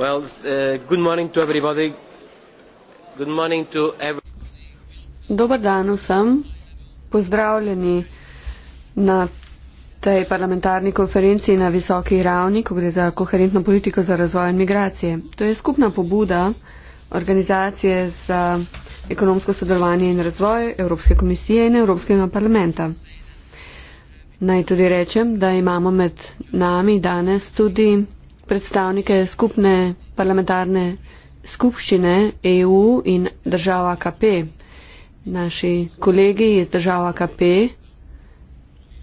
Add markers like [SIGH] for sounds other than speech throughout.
Uh, Dobar dan vsem, pozdravljeni na tej parlamentarni konferenciji na visoki ravni, ko gre za koherentno politiko za razvoj in migracije. To je skupna pobuda organizacije za ekonomsko sodelovanje in razvoj Evropske komisije in Evropskega parlamenta. Naj tudi rečem, da imamo med nami danes tudi predstavnike skupne parlamentarne skupščine EU in država KP. Naši kolegi iz država KP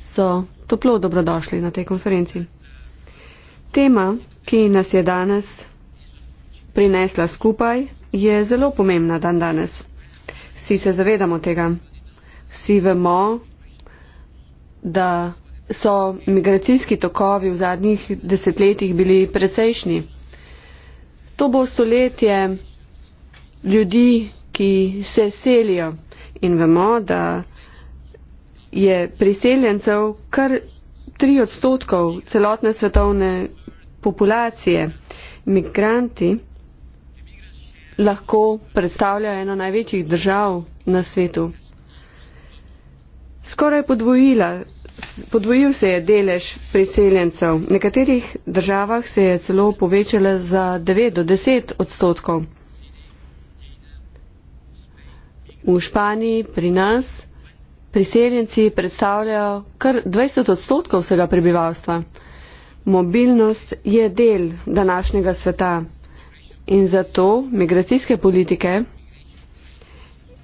so toplo dobrodošli na tej konferenci. Tema, ki nas je danes prinesla skupaj, je zelo pomembna dan danes. Vsi se zavedamo tega. Vsi vemo, da so migracijski tokovi v zadnjih desetletjih bili precejšnji. To bo stoletje ljudi, ki se selijo in vemo, da je priseljencev kar tri odstotkov celotne svetovne populacije. Migranti lahko predstavljajo eno največjih držav na svetu. Skoraj podvojila podvojil se je delež priseljencev. V nekaterih državah se je celo povečala za 9 do 10 odstotkov. V Španiji pri nas priseljenci predstavljajo kar 20 odstotkov vsega prebivalstva. Mobilnost je del današnjega sveta in zato migracijske politike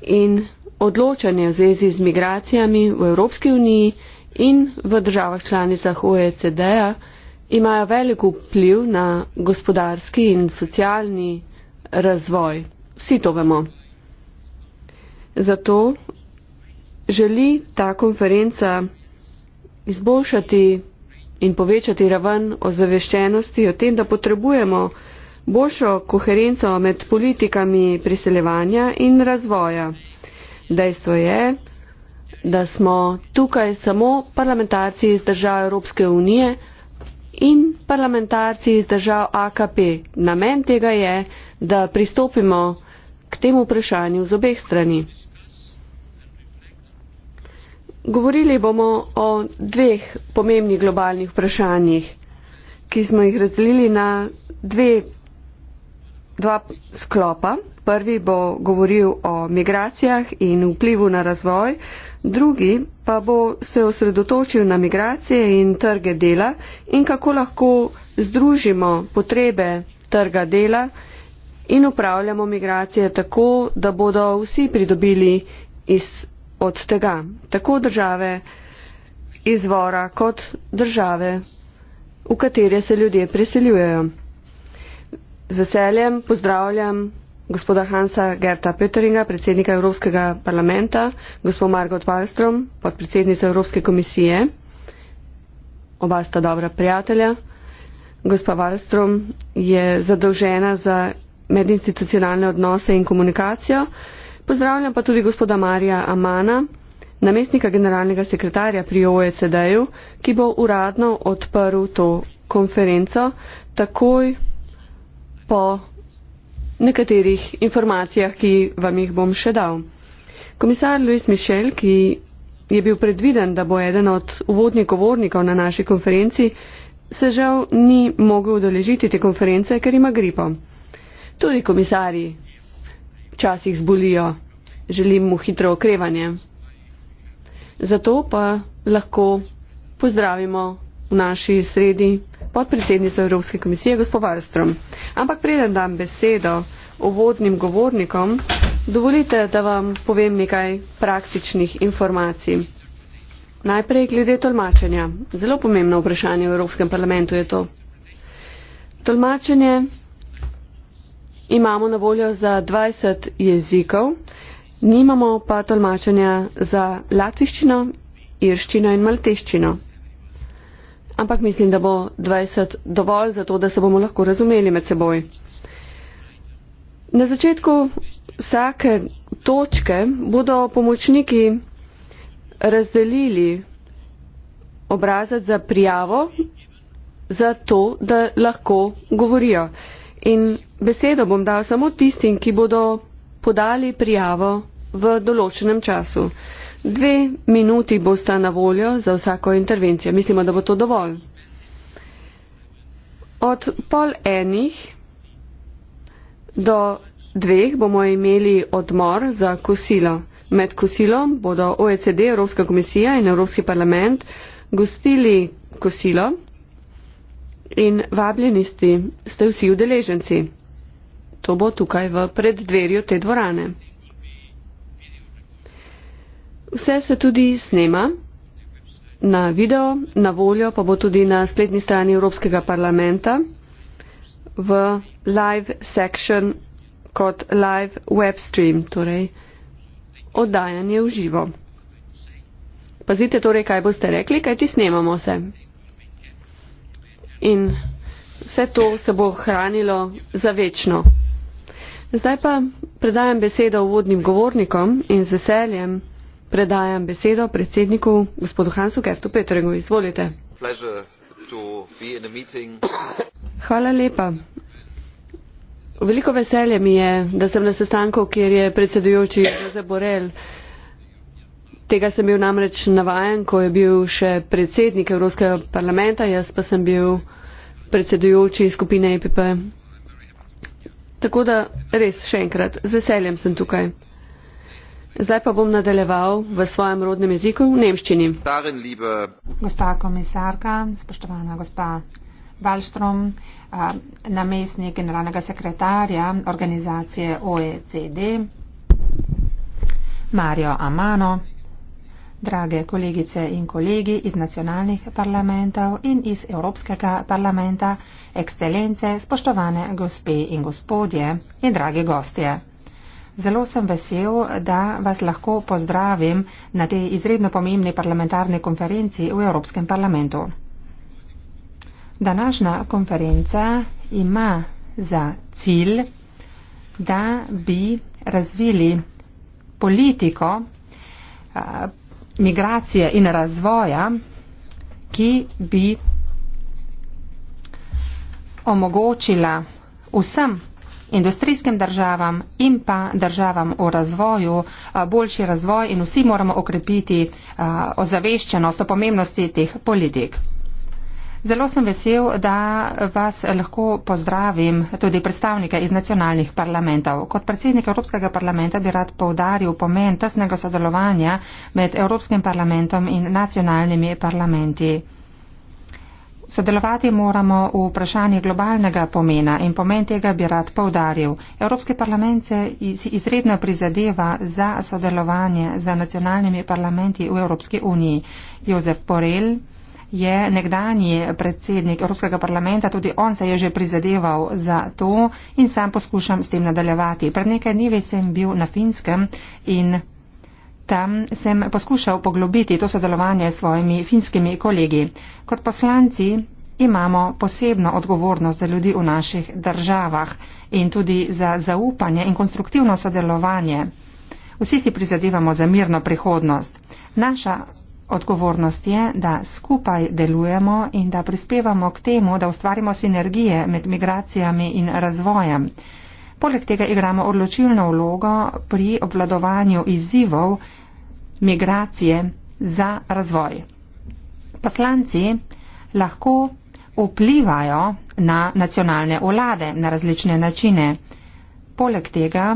in odločanje v zvezi z migracijami v Evropski uniji in v državah članicah OECD-a imajo velik vpliv na gospodarski in socialni razvoj. Vsi to vemo. Zato želi ta konferenca izboljšati in povečati raven ozaveščenosti o tem, da potrebujemo boljšo koherenco med politikami priseljevanja in razvoja. Dejstvo je, da smo tukaj samo parlamentarci iz držav Evropske unije in parlamentarci iz držav AKP. Namen tega je, da pristopimo k temu vprašanju z obeh strani. Govorili bomo o dveh pomembnih globalnih vprašanjih, ki smo jih razdelili na dve, dva sklopa. Prvi bo govoril o migracijah in vplivu na razvoj, drugi pa bo se osredotočil na migracije in trge dela in kako lahko združimo potrebe trga dela in upravljamo migracije tako, da bodo vsi pridobili iz, od tega, tako države izvora kot države, v katere se ljudje preseljujejo. Z veseljem pozdravljam gospoda Hansa Gerta Pötteringa, predsednika Evropskega parlamenta, gospod Margot Wallström, podpredsednica Evropske komisije, oba sta dobra prijatelja. Gospa Wallström je zadolžena za medinstitucionalne odnose in komunikacijo. Pozdravljam pa tudi gospoda Marija Amana, namestnika generalnega sekretarja pri OECD-ju, ki bo uradno odprl to konferenco takoj po nekaterih informacijah, ki vam jih bom še dal. Komisar Luis Mišel, ki je bil predviden, da bo eden od uvodnih govornikov na naši konferenci, se žal ni mogel udeležiti te konference, ker ima gripo. Tudi komisari včasih zbolijo, želim mu hitro okrevanje. Zato pa lahko pozdravimo v naši sredi podpredsednico Evropske komisije gospod Valstrom. Ampak preden dam besedo uvodnim govornikom, dovolite, da vam povem nekaj praktičnih informacij. Najprej glede tolmačenja. Zelo pomembno vprašanje v Evropskem parlamentu je to. Tolmačenje imamo na voljo za 20 jezikov, nimamo pa tolmačenja za latviščino, irščino in malteščino ampak mislim, da bo 20 dovolj za to, da se bomo lahko razumeli med seboj. Na začetku vsake točke bodo pomočniki razdelili obrazac za prijavo, za to, da lahko govorijo. In besedo bom dal samo tistim, ki bodo podali prijavo v določenem času. Dve minuti bosta na voljo za vsako intervencijo. Mislimo, da bo to dovolj. Od pol enih do dveh bomo imeli odmor za kosilo. Med kosilom bodo OECD, Evropska komisija in Evropski parlament gostili kosilo in vabljeni ste vsi udeleženci. To bo tukaj v preddverju te dvorane. Vse se tudi snema na video, na voljo pa bo tudi na spletni strani Evropskega parlamenta v live section kot live web stream, torej oddajanje v živo. Pazite torej, kaj boste rekli, kaj ti snemamo se. In vse to se bo hranilo za večno. Zdaj pa predajam besedo uvodnim govornikom in z veseljem. Predajam besedo predsedniku gospodu Hansu Kertu Petregu. Izvolite. Hvala lepa. Veliko veselje mi je, da sem na sestanku, kjer je predsedujoči Zaborel. Tega sem bil namreč navajen, ko je bil še predsednik Evropskega parlamenta, jaz pa sem bil predsedujoči skupine EPP. Tako da res še enkrat, z veseljem sem tukaj. Zdaj pa bom nadaljeval v svojem rodnem jeziku, v nemščini. Gospa komisarka, spoštovana gospa Balstrom, namestnik generalnega sekretarja organizacije OECD, Mario Amano, drage kolegice in kolegi iz nacionalnih parlamentov in iz Evropskega parlamenta, ekscelence, spoštovane gospe in gospodje in dragi gostje. Zelo sem vesel, da vas lahko pozdravim na tej izredno pomembni parlamentarni konferenci v Evropskem parlamentu. Današnja konferenca ima za cilj, da bi razvili politiko migracije in razvoja, ki bi omogočila vsem industrijskim državam in pa državam v razvoju, boljši razvoj in vsi moramo okrepiti ozaveščenost o pomembnosti teh politik. Zelo sem vesel, da vas lahko pozdravim tudi predstavnike iz nacionalnih parlamentov. Kot predsednik Evropskega parlamenta bi rad povdaril pomen tesnega sodelovanja med Evropskim parlamentom in nacionalnimi parlamenti. Sodelovati moramo v vprašanje globalnega pomena in pomen tega bi rad povdaril. Evropski parlament se izredno prizadeva za sodelovanje z nacionalnimi parlamenti v Evropski uniji. Jozef Porel je nekdanji predsednik Evropskega parlamenta, tudi on se je že prizadeval za to in sam poskušam s tem nadaljevati. Pred nekaj dnevi sem bil na Finskem in Tam sem poskušal poglobiti to sodelovanje s svojimi finskimi kolegi. Kot poslanci imamo posebno odgovornost za ljudi v naših državah in tudi za zaupanje in konstruktivno sodelovanje. Vsi si prizadevamo za mirno prihodnost. Naša odgovornost je, da skupaj delujemo in da prispevamo k temu, da ustvarimo sinergije med migracijami in razvojem. Poleg tega igramo odločilno vlogo pri obvladovanju izzivov, migracije za razvoj. Poslanci lahko vplivajo na nacionalne vlade na različne načine. Poleg tega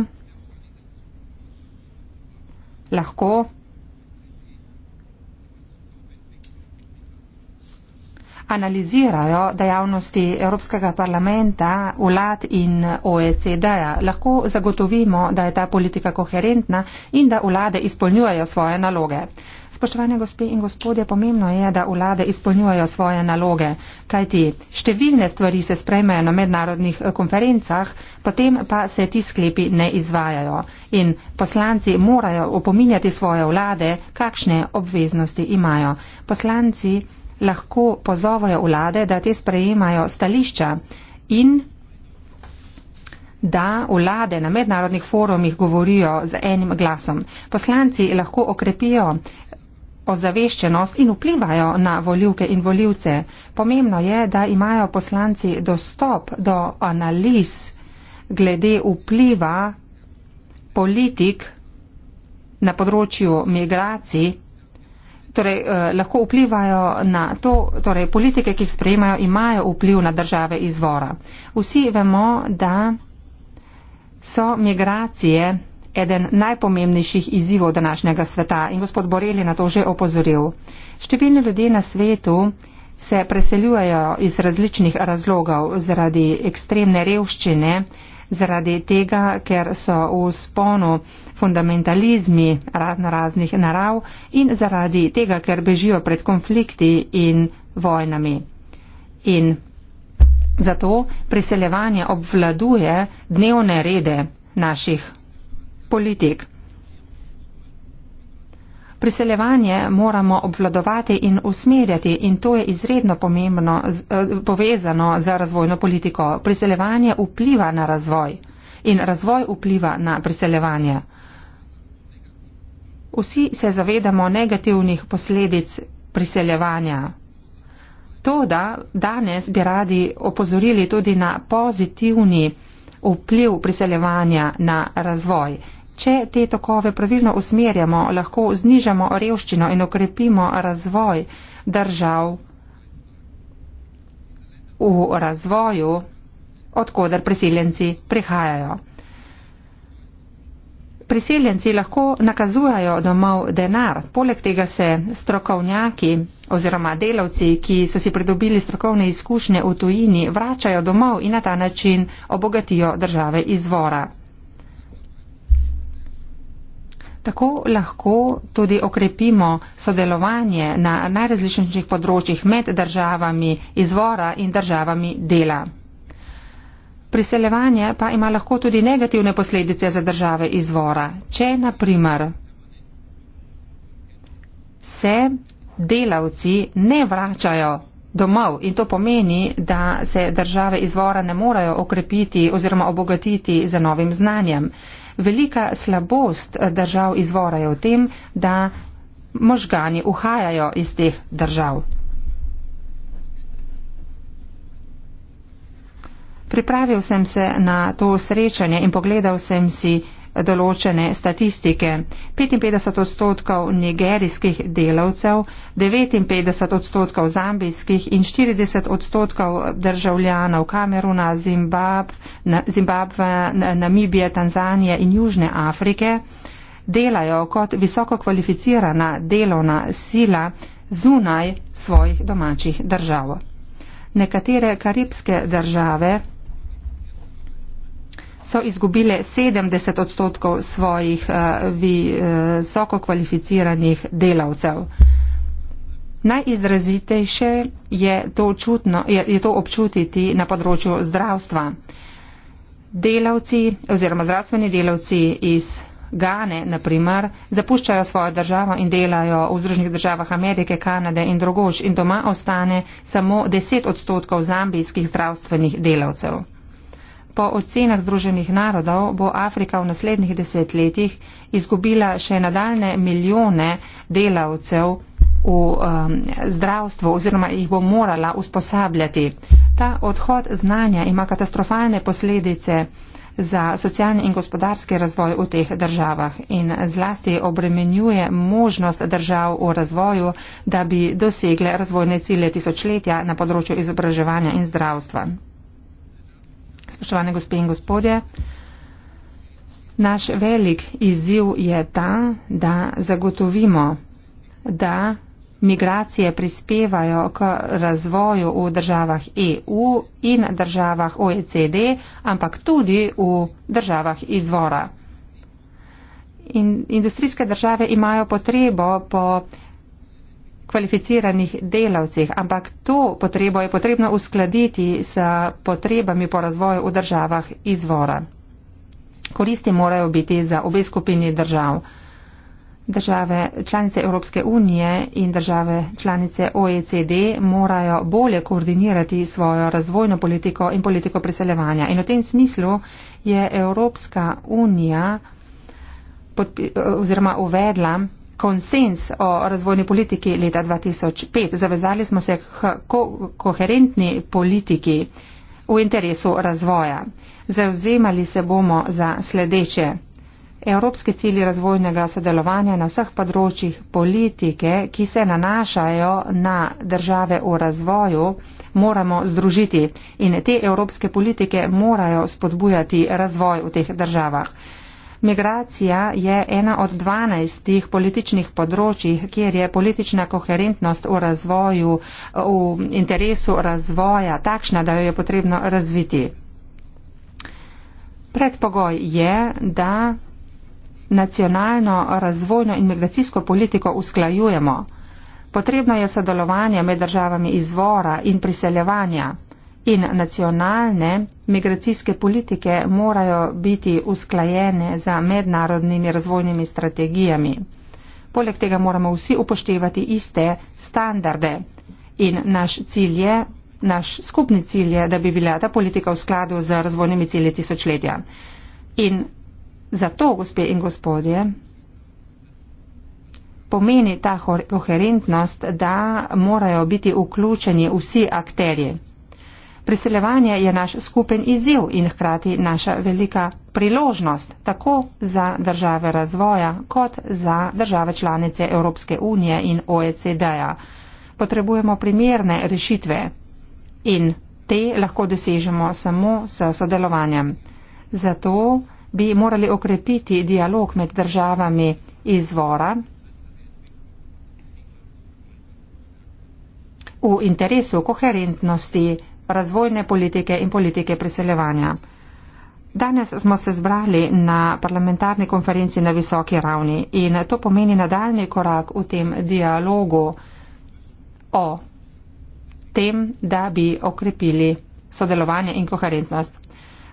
lahko analizirajo dejavnosti Evropskega parlamenta, vlad in OECD-ja, lahko zagotovimo, da je ta politika koherentna in da vlade izpolnjujejo svoje naloge. Spoštovane gospe in gospodje, pomembno je, da vlade izpolnjujejo svoje naloge, kajti številne stvari se sprejmejo na mednarodnih eh, konferencah, potem pa se ti sklepi ne izvajajo in poslanci morajo opominjati svoje vlade, kakšne obveznosti imajo. Poslanci lahko pozovajo vlade, da te sprejemajo stališča in da vlade na mednarodnih forumih govorijo z enim glasom. Poslanci lahko okrepijo ozaveščenost in vplivajo na voljivke in voljivce. Pomembno je, da imajo poslanci dostop do analiz glede vpliva politik na področju migracij torej, eh, lahko vplivajo na to, torej politike, ki jih sprejemajo, imajo vpliv na države izvora. Vsi vemo, da so migracije eden najpomembnejših izzivov današnjega sveta in gospod Borel je na to že opozoril. Številni ljudje na svetu se preseljujejo iz različnih razlogov zaradi ekstremne revščine, zaradi tega, ker so v sponu fundamentalizmi razno raznih narav in zaradi tega, ker bežijo pred konflikti in vojnami. In zato priseljevanje obvladuje dnevne rede naših politik. Priseljevanje moramo obvladovati in usmerjati in to je izredno pomembno eh, povezano z razvojno politiko. Priseljevanje vpliva na razvoj in razvoj vpliva na priseljevanje. Vsi se zavedamo negativnih posledic priseljevanja. To, da danes bi radi opozorili tudi na pozitivni vpliv priseljevanja na razvoj. Če te tokove pravilno usmerjamo, lahko znižamo revščino in okrepimo razvoj držav v razvoju, odkudar priseljenci prihajajo. Priseljenci lahko nakazujajo domov denar, poleg tega se strokovnjaki oziroma delavci, ki so si pridobili strokovne izkušnje v tujini, vračajo domov in na ta način obogatijo države izvora. Tako lahko tudi okrepimo sodelovanje na najrazličnejših področjih med državami izvora in državami dela. Priseljevanje pa ima lahko tudi negativne posledice za države izvora. Če, na primer, se delavci ne vračajo domov in to pomeni, da se države izvora ne morejo okrepiti oziroma obogatiti za novim znanjem. Velika slabost eh, držav izvora je v tem, da možgani uhajajo iz teh držav. Pripravil sem se na to srečanje in pogledal sem si, določene statistike. 55 odstotkov nigerijskih delavcev, 59 odstotkov zambijskih in 40 odstotkov državljanov Kameruna, Zimbabve, Namibije, Tanzanije in Južne Afrike delajo kot visoko kvalificirana delovna sila zunaj svojih domačih držav. Nekatere karibske države so izgubile 70 odstotkov svojih eh, visokokvalificiranih eh, delavcev. Najizrazitejše je to, čutno, je to občutiti na področju zdravstva. Delavci oziroma zdravstveni delavci iz Gane, na primer, zapuščajo svojo državo in delajo v Združenih državah Amerike, Kanade in drugoč in doma ostane samo 10 odstotkov zambijskih zdravstvenih delavcev po ocenah Združenih narodov bo Afrika v naslednjih desetletjih izgubila še nadaljne milijone delavcev v um, zdravstvu oziroma jih bo morala usposabljati. Ta odhod znanja ima katastrofalne posledice za socialni in gospodarski razvoj v teh državah in zlasti obremenjuje možnost držav v razvoju, da bi dosegle razvojne cilje tisočletja na področju izobraževanja in zdravstva. Spoštovane gospe in gospodje, naš velik izziv je ta, da zagotovimo, da migracije prispevajo k razvoju v državah EU in državah OECD, ampak tudi v državah izvora. In industrijske države imajo potrebo po kvalificiranih delavcih, ampak to potrebo je potrebno uskladiti s potrebami po razvoju v državah izvora. Koristi morajo biti za obe skupini držav. Države članice Evropske unije in države članice OECD morajo bolje koordinirati svojo razvojno politiko in politiko priseljevanja. In v tem smislu je Evropska unija podpi, oziroma uvedla konsens o razvojni politiki leta 2005. Zavezali smo se k ko koherentni politiki v interesu razvoja. Zauzemali se bomo za sledeče. Evropske cilji razvojnega sodelovanja na vseh področjih politike, ki se nanašajo na države v razvoju, moramo združiti in te evropske politike morajo spodbujati razvoj v teh državah. Migracija je ena od dvanajstih političnih področji, kjer je politična koherentnost v razvoju, v interesu razvoja takšna, da jo je potrebno razviti. Predpogoj je, da nacionalno razvojno in migracijsko politiko usklajujemo. Potrebno je sodelovanje med državami izvora in priseljevanja in nacionalne migracijske politike morajo biti usklajene za mednarodnimi razvojnimi strategijami. Poleg tega moramo vsi upoštevati iste standarde in naš cilj je, naš skupni cilj je, da bi bila ta politika v skladu z razvojnimi cilji tisočletja. In zato, gospe in gospodje, pomeni ta koherentnost, da morajo biti vključeni vsi akterji. Priseljevanje je naš skupen izziv in hkrati naša velika priložnost tako za države razvoja kot za države članice Evropske unije in OECD-ja. Potrebujemo primerne rešitve in te lahko dosežemo samo s sodelovanjem. Zato bi morali okrepiti dialog med državami izvora v interesu koherentnosti razvojne politike in politike priseljevanja. Danes smo se zbrali na parlamentarni konferenci na visoki ravni in to pomeni nadaljni korak v tem dialogu o tem, da bi okrepili sodelovanje in koherentnost.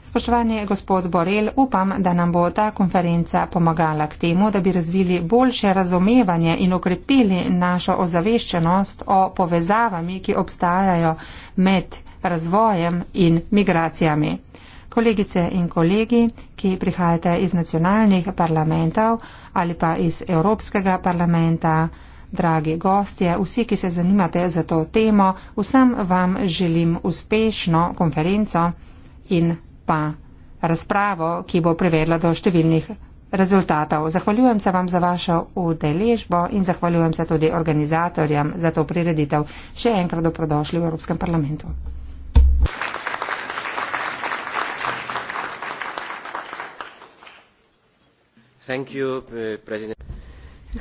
Spoštovani gospod Borel, upam, da nam bo ta konferenca pomagala k temu, da bi razvili boljše razumevanje in okrepili našo ozaveščenost o povezavami, ki obstajajo med razvojem in migracijami. Kolegice in kolegi, ki prihajate iz nacionalnih parlamentov ali pa iz Evropskega parlamenta, dragi gostje, vsi, ki se zanimate za to temo, vsem vam želim uspešno konferenco in pa razpravo, ki bo privedla do številnih rezultatov. Zahvaljujem se vam za vašo udeležbo in zahvaljujem se tudi organizatorjem za to prireditev. Še enkrat dobrodošli v Evropskem parlamentu. Uh,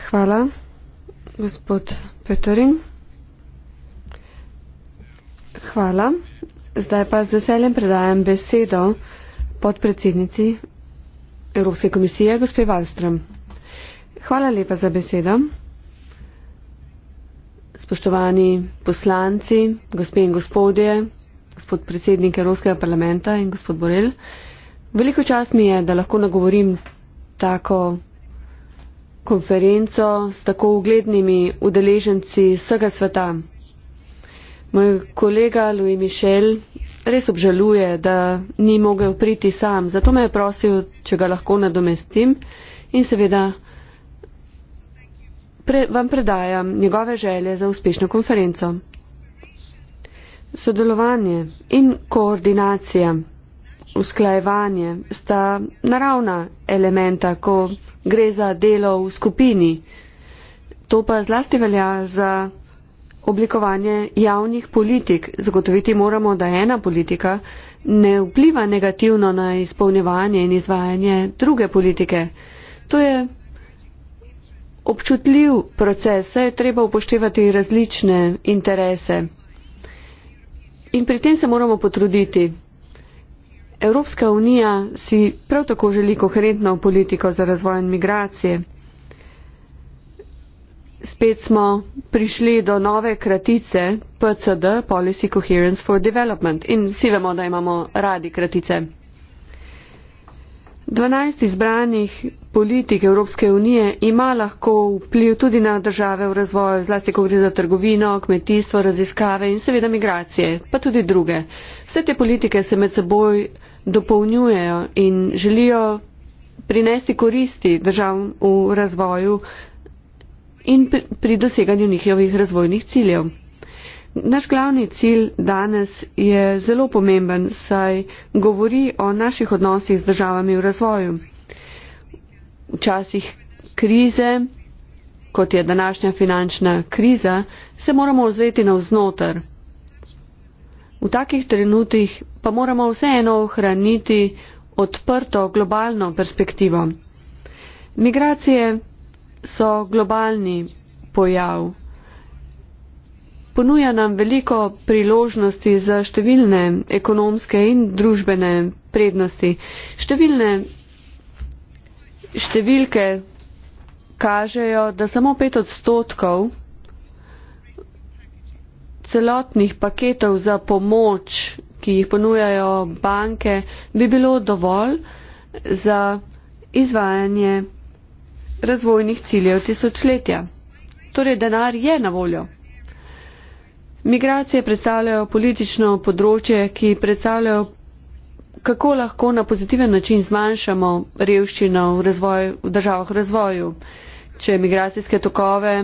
Hvala, gospod Petorin. Hvala. Zdaj pa z veseljem predajam besedo podpredsednici Evropske komisije, gospe Valström. Hvala lepa za besedo. Spoštovani poslanci, gospe in gospodje, gospod predsednik Evropskega parlamenta in gospod Borel. Veliko čast mi je, da lahko nagovorim tako konferenco s tako uglednimi udeleženci vsega sveta. Moj kolega Louis Michel res obžaluje, da ni mogel priti sam, zato me je prosil, če ga lahko nadomestim in seveda pre, vam predajam njegove želje za uspešno konferenco. Sodelovanje in koordinacija, usklajevanje sta naravna elementa, ko gre za delo v skupini. To pa zlasti velja za oblikovanje javnih politik. Zagotoviti moramo, da ena politika ne vpliva negativno na izpolnjevanje in izvajanje druge politike. To je občutljiv proces, saj je treba upoštevati različne interese. In pri tem se moramo potruditi. Evropska unija si prav tako želi koherentno politiko za razvoj in migracije. Spet smo prišli do nove kratice PCD, Policy Coherence for Development. In vsi vemo, da imamo radi kratice. 12 izbranih politik Evropske unije ima lahko vpliv tudi na države v razvoju, zlasti ko gre za trgovino, kmetijstvo, raziskave in seveda migracije, pa tudi druge. Vse te politike se med seboj dopolnjujejo in želijo prinesti koristi držav v razvoju in pri doseganju njihovih razvojnih ciljev. Naš glavni cilj danes je zelo pomemben, saj govori o naših odnosih z državami v razvoju. Včasih krize, kot je današnja finančna kriza, se moramo ozreti navznoter. V takih trenutih pa moramo vseeno ohraniti odprto globalno perspektivo. Migracije so globalni pojav ponuja nam veliko priložnosti za številne ekonomske in družbene prednosti. Številne številke kažejo, da samo pet odstotkov celotnih paketov za pomoč, ki jih ponujajo banke, bi bilo dovolj za izvajanje razvojnih ciljev tisočletja. Torej, denar je na voljo. Migracije predstavljajo politično področje, ki predstavljajo, kako lahko na pozitiven način zmanjšamo revščino v, razvoju, v državah v razvoju. Če migracijske tokove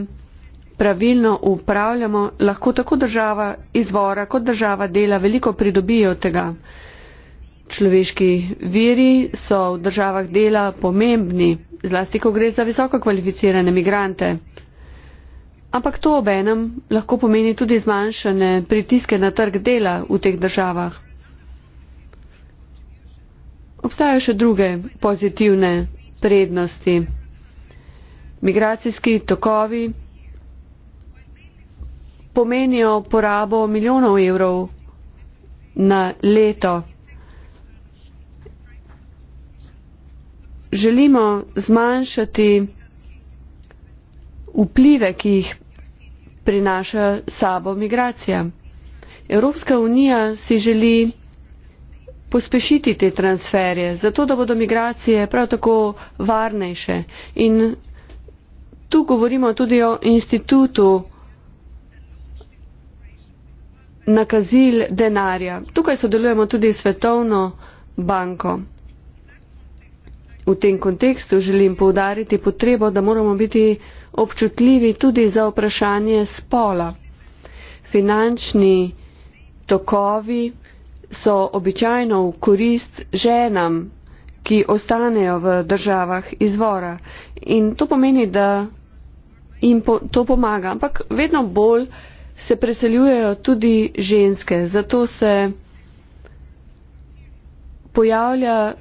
pravilno upravljamo, lahko tako država izvora kot država dela veliko pridobijo tega. Človeški viri so v državah dela pomembni, zlasti, ko gre za visoko kvalificirane migrante. Ampak to obenem lahko pomeni tudi zmanjšane pritiske na trg dela v teh državah. Obstajajo še druge pozitivne prednosti. Migracijski tokovi pomenijo porabo milijonov evrov na leto. Želimo zmanjšati vplive, ki jih prinaša sabo migracija. Evropska unija si želi pospešiti te transferje, zato da bodo migracije prav tako varnejše. In tu govorimo tudi o institutu nakazil denarja. Tukaj sodelujemo tudi s Svetovno banko. V tem kontekstu želim povdariti potrebo, da moramo biti občutljivi tudi za vprašanje spola. Finančni tokovi so običajno v korist ženam, ki ostanejo v državah izvora. In to pomeni, da jim po, to pomaga. Ampak vedno bolj se preseljujejo tudi ženske. Zato se pojavlja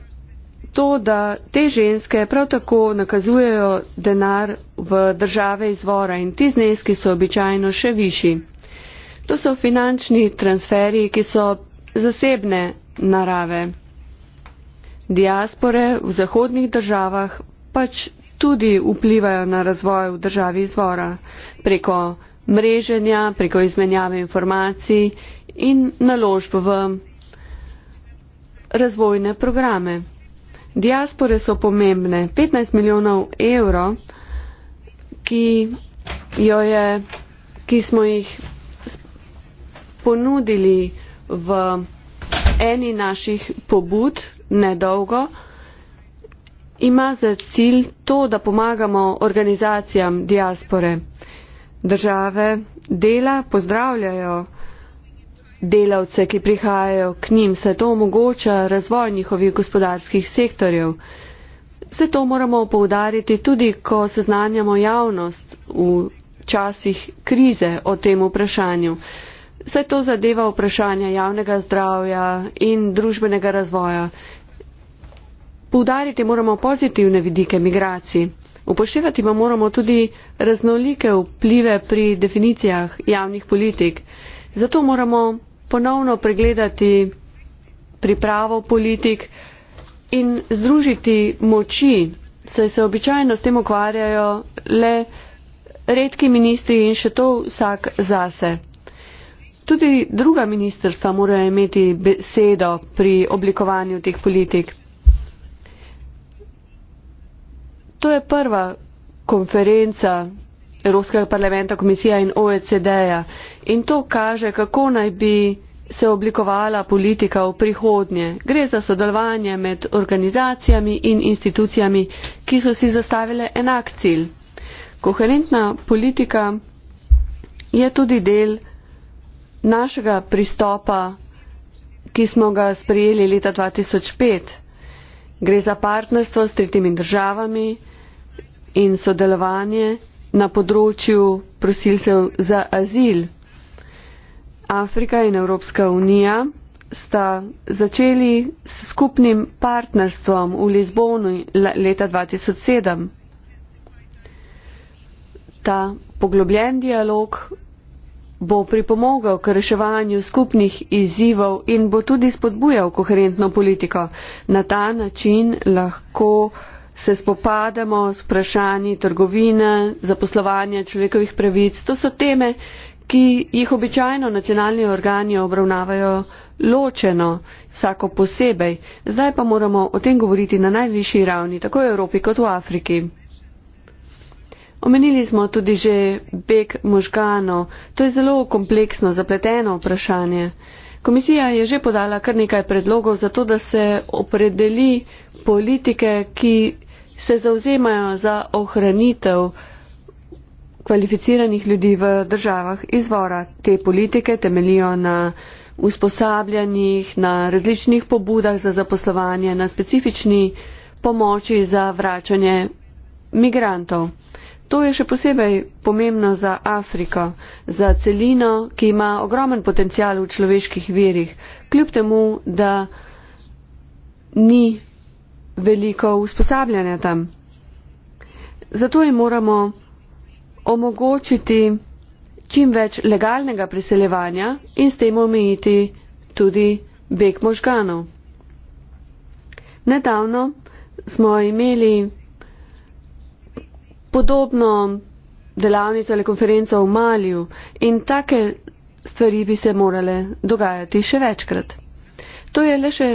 to, da te ženske prav tako nakazujejo denar v države izvora in ti zneski so običajno še višji. To so finančni transferi, ki so zasebne narave. Diaspore v zahodnih državah pač tudi vplivajo na razvoj v državi izvora preko mreženja, preko izmenjave informacij in naložb v razvojne programe. Diaspore so pomembne. 15 milijonov evrov, ki, ki smo jih ponudili v eni naših pobud nedolgo, ima za cilj to, da pomagamo organizacijam diaspore. Države dela pozdravljajo delavce, ki prihajajo k njim, saj to omogoča razvoj njihovih gospodarskih sektorjev. Vse to moramo poudariti tudi, ko seznanjamo javnost v časih krize o tem vprašanju. Vse to zadeva vprašanja javnega zdravja in družbenega razvoja. Poudariti moramo pozitivne vidike migracij. Upoštevati pa moramo tudi raznolike vplive pri definicijah javnih politik. Zato moramo ponovno pregledati pripravo politik in združiti moči, saj se običajno s tem ukvarjajo le redki ministri in še to vsak zase. Tudi druga ministrstva morajo imeti besedo pri oblikovanju teh politik. To je prva konferenca Evropskega parlamenta, komisija in OECD-ja. In to kaže, kako naj bi se oblikovala politika v prihodnje. Gre za sodelovanje med organizacijami in institucijami, ki so si zastavile enak cilj. Koherentna politika je tudi del našega pristopa, ki smo ga sprejeli leta 2005. Gre za partnerstvo s tretjimi državami in sodelovanje na področju prosilcev za azil. Afrika in Evropska unija sta začeli s skupnim partnerstvom v Lizboni leta 2007. Ta poglobljen dialog bo pripomogel k reševanju skupnih izzivov in bo tudi spodbujal koherentno politiko. Na ta način lahko se spopadamo s vprašanji trgovine, zaposlovanja človekovih pravic. To so teme, ki jih običajno nacionalni organi obravnavajo ločeno, vsako posebej. Zdaj pa moramo o tem govoriti na najvišji ravni, tako v Evropi kot v Afriki. Omenili smo tudi že beg možganov. To je zelo kompleksno, zapleteno vprašanje. Komisija je že podala kar nekaj predlogov za to, da se opredeli politike, ki se zauzemajo za ohranitev kvalificiranih ljudi v državah izvora. Te politike temelijo na usposabljanjih, na različnih pobudah za zaposlovanje, na specifični pomoči za vračanje migrantov. To je še posebej pomembno za Afriko, za celino, ki ima ogromen potencial v človeških verih, kljub temu, da ni veliko usposabljanja tam. Zato jim moramo omogočiti čim več legalnega priseljevanja in s tem omejiti tudi beg možganov. Nedavno smo imeli podobno delavnico ali konferenco v Maliju in take stvari bi se morale dogajati še večkrat. To je, še,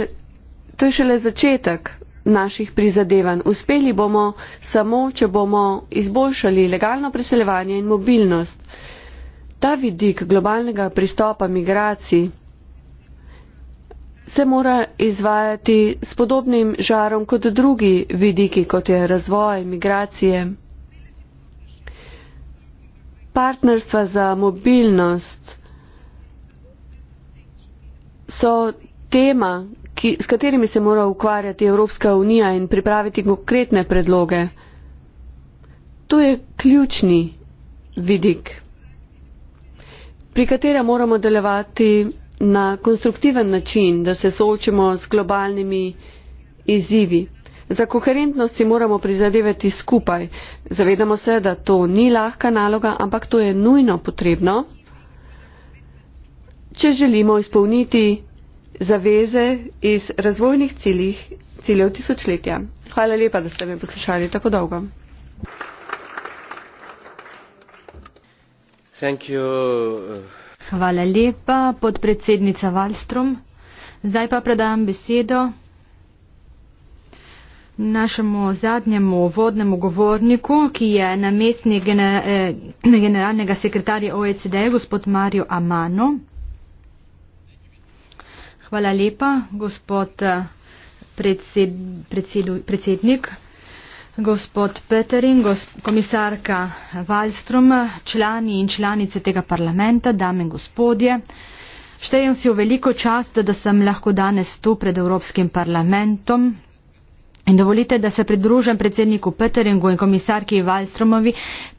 to je šele začetek naših prizadevanj. Uspeli bomo samo, če bomo izboljšali legalno preseljevanje in mobilnost. Ta vidik globalnega pristopa migracij se mora izvajati s podobnim žarom kot drugi vidiki, kot je razvoj migracije. Partnerstva za mobilnost so tema, ki, s katerimi se mora ukvarjati Evropska unija in pripraviti konkretne predloge. To je ključni vidik, pri katerem moramo delovati na konstruktiven način, da se soočimo s globalnimi izzivi. Za koherentnost si moramo prizadevati skupaj. Zavedamo se, da to ni lahka naloga, ampak to je nujno potrebno, če želimo izpolniti zaveze iz razvojnih ciljih, ciljev tisočletja. Hvala lepa, da ste me poslušali tako dolgo. Uh. Hvala lepa, podpredsednica Valstrom. Zdaj pa predajam besedo našemu zadnjemu vodnemu govorniku, ki je namestnik gener eh, [CLEARS THROAT] generalnega sekretarja OECD, gospod Mario Amano. Hvala lepa, gospod predsed, predsed, predsednik, gospod Petering, komisarka Wallström, člani in članice tega parlamenta, dame in gospodje. Štejem si v veliko čast, da sem lahko danes tu pred Evropskim parlamentom, In dovolite, da se pridružim predsedniku Peteringu in komisarki Valstromovi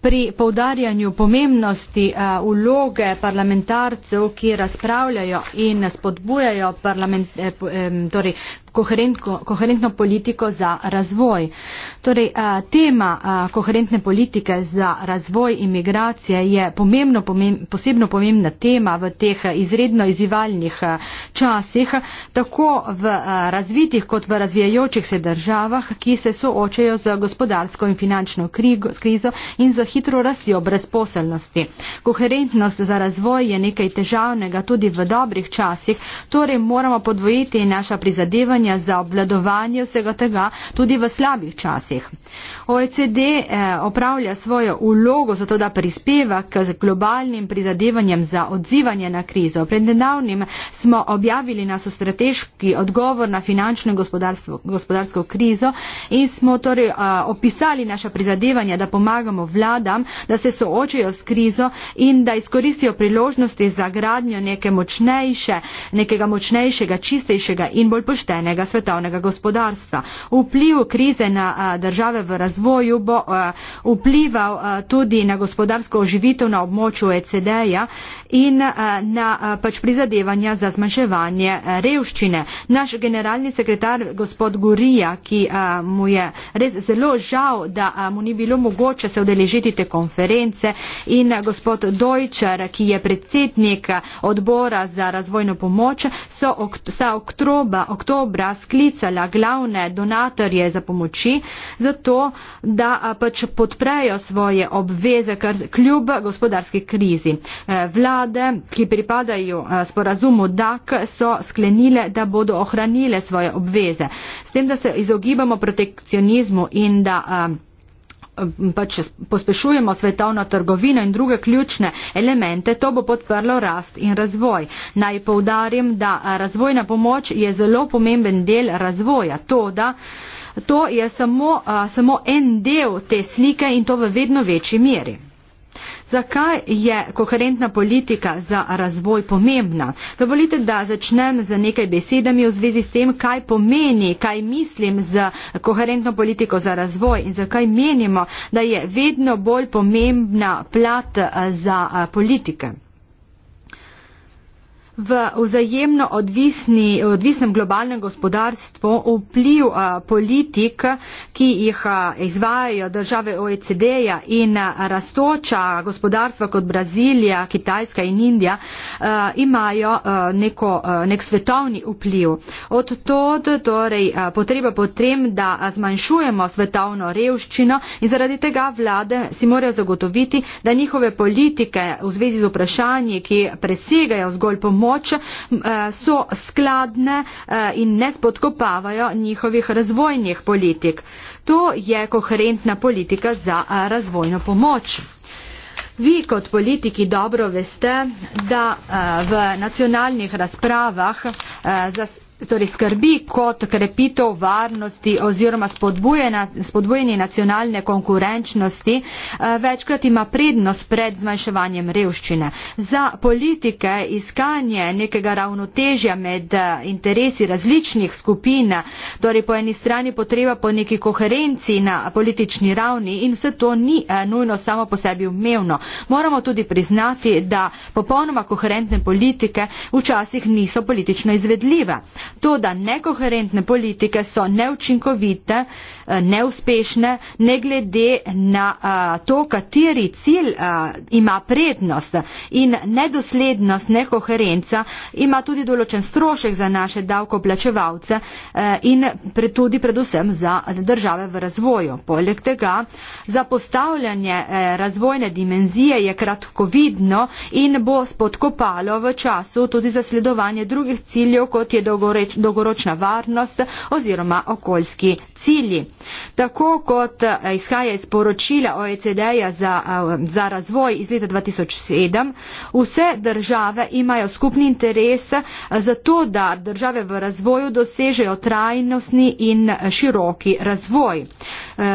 pri poudarjanju pomembnosti uh, eh, uloge parlamentarcev, ki razpravljajo in spodbujajo parlament, eh, torej, koherentno, koherentno politiko za razvoj. Torej, tema koherentne politike za razvoj imigracije je pomembno, pomem, posebno pomembna tema v teh izredno izivalnih časih, tako v razvitih kot v razvijajočih se državah, ki se soočajo z gospodarsko in finančno krizo in z hitro rastjo brezposelnosti. Koherentnost za razvoj je nekaj težavnega tudi v dobrih časih, torej moramo podvojiti naša prizadevanja tveganja za obvladovanje vsega tega tudi v slabih časih. OECD eh, opravlja svojo ulogo zato, da prispeva k globalnim prizadevanjem za odzivanje na krizo. Pred nedavnim smo objavili nas v strateški odgovor na finančno gospodarsko krizo in smo torej eh, opisali naša prizadevanja, da pomagamo vladam, da se soočajo s krizo in da izkoristijo priložnosti za gradnjo neke močnejše, nekega močnejšega, čistejšega in bolj poštenega globalnega svetovnega gospodarstva. Vpliv krize na države v razvoju bo vplival tudi na gospodarsko oživitev na območju ECD-ja in na pač prizadevanja za zmanjševanje revščine. Naš generalni sekretar gospod Gurija, ki mu je res zelo žal, da mu ni bilo mogoče se odeležiti te konference in gospod Dojčar, ki je predsednik odbora za razvojno pomoč, so okt sa oktobra, oktobra morda sklicala glavne donatorje za pomoči, zato da pač podprejo svoje obveze, kar kljub gospodarski krizi. E, vlade, ki pripadajo sporazumu DAK, so sklenile, da bodo ohranile svoje obveze. S tem, da se izogibamo protekcionizmu in da pač pospešujemo svetovno trgovino in druge ključne elemente, to bo podprlo rast in razvoj. Naj poudarim, da razvojna pomoč je zelo pomemben del razvoja. To, to je samo, samo en del te slike in to v vedno večji meri. Zakaj je koherentna politika za razvoj pomembna? Dovolite, da začnem z nekaj besedami v zvezi s tem, kaj pomeni, kaj mislim z koherentno politiko za razvoj in zakaj menimo, da je vedno bolj pomembna plat eh, za eh, politike v vzajemno odvisni, odvisnem globalnem gospodarstvu vpliv a, politik, ki jih a, izvajajo države OECD-ja in a, rastoča gospodarstva kot Brazilija, Kitajska in Indija, a, imajo a, neko, a, nek svetovni vpliv. Od tod torej a, potreba potrem, da zmanjšujemo svetovno revščino in zaradi tega vlade si morajo zagotoviti, da njihove politike v zvezi z vprašanji, ki presegajo zgolj pomoč, pomoč eh, so skladne eh, in ne spodkopavajo njihovih razvojnih politik. To je koherentna politika za eh, razvojno pomoč. Vi kot politiki dobro veste, da v nacionalnih razpravah za torej skrbi kot krepitev varnosti oziroma spodbujanje nacionalne konkurenčnosti, eh, večkrat ima prednost pred zmanjševanjem revščine. Za politike iskanje nekega ravnotežja med eh, interesi različnih skupin, torej po eni strani potreba po neki koherenci na politični ravni in vse to ni eh, nujno samo po sebi umevno. Moramo tudi priznati, da popolnoma koherentne politike včasih niso politično izvedljive. To, da nekoherentne politike so neučinkovite, eh, neuspešne, ne glede na eh, to, kateri cilj eh, ima prednost in nedoslednost nekoherenca ima tudi določen strošek za naše davkoplačevalce in tudi predvsem za države v razvoju. Poleg tega, za postavljanje razvojne dimenzije je kratkovidno in bo spodkopalo v času tudi zasledovanje drugih ciljev, kot je dolgoročno reč, dolgoročna varnost oziroma okoljski cilji. Tako kot eh, izhaja iz poročila OECD-ja za, eh, za razvoj iz leta 2007, vse države imajo skupni interes eh, za to, da države v razvoju dosežejo trajnostni in široki razvoj.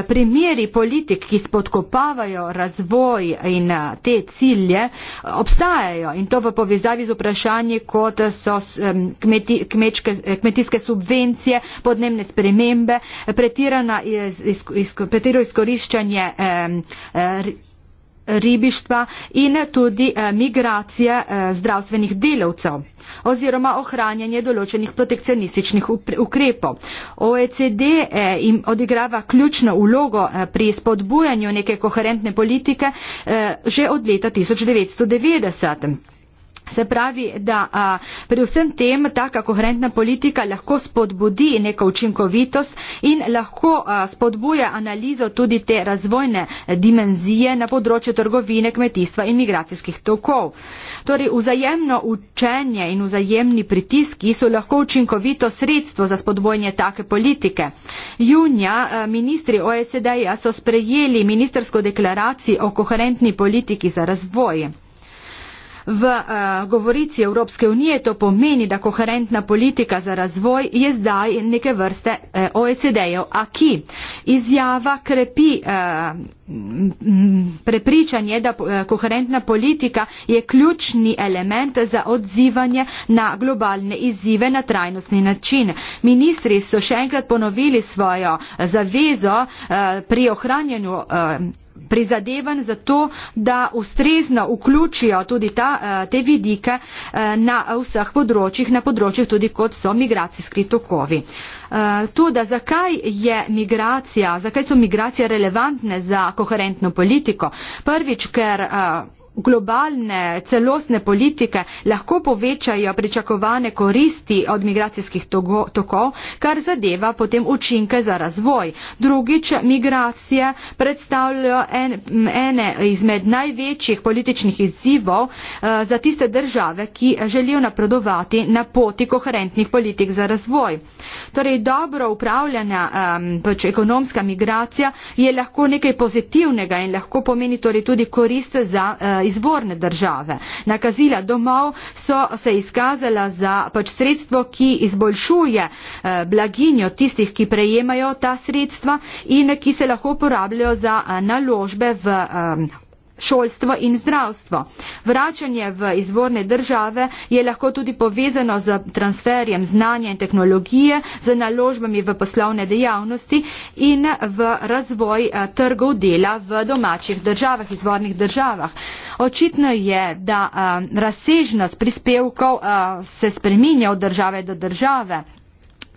Primeri politik, ki spodkopavajo razvoj in te cilje, obstajajo in to v povezavi z vprašanji, kot so kmeti, kmečke Eh, kmetijske subvencije podnebne spremembe eh, pretirano izkoriščanje eh, ribištva in tudi migracije zdravstvenih delavcev oziroma ohranjanje določenih protekcionističnih ukrepov. OECD jim odigrava ključno ulogo pri spodbujanju neke koherentne politike že od leta devetnajst devetdeset Se pravi, da a, pri vsem tem taka koherentna politika lahko spodbudi neko učinkovitost in lahko a, spodbuja analizo tudi te razvojne dimenzije na področju trgovine, kmetijstva in migracijskih tokov. Torej, vzajemno učenje in vzajemni pritiski so lahko učinkovito sredstvo za spodbojanje take politike. Junija a, ministri OECD-ja so sprejeli ministersko deklaracijo o koherentni politiki za razvoj. V uh, govorici Evropske unije to pomeni, da koherentna politika za razvoj je zdaj neke vrste uh, OECD-jev, a ki izjava krepi uh, prepričanje, da uh, koherentna politika je ključni element za odzivanje na globalne izzive na trajnostni način. Ministri so še enkrat ponovili svojo zavezo uh, pri ohranjanju uh, prizadevanj za to, da ustrezno vključijo tudi ta, eh, te vidike eh, na vseh področjih, na področjih tudi kot so migracijski tokovi. Eh, to, da zakaj je migracija, zakaj so migracije relevantne za koherentno politiko, prvič, ker globalne celostne politike lahko povečajo pričakovane koristi od migracijskih tokov, kar zadeva potem učinke za razvoj. Drugič, migracije predstavljajo en, ene izmed največjih političnih izzivov eh, za tiste države, ki želijo napredovati na poti koherentnih politik za razvoj. Torej, dobro upravljena eh, pač ekonomska migracija je lahko nekaj pozitivnega in lahko pomeni torej tudi korist za eh, izvorne države. Nakazila domov so se izkazala za pač sredstvo, ki izboljšuje eh, blaginjo tistih, ki prejemajo ta sredstva in ki se lahko uporabljajo za eh, naložbe v eh, šolstvo in zdravstvo. Vračanje v izvorne države je lahko tudi povezano z transferjem znanja in tehnologije, z naložbami v poslovne dejavnosti in v razvoj eh, trgov dela v domačih državah, izvornih državah. Očitno je, da eh, razsežnost prispevkov eh, se spreminja od države do države.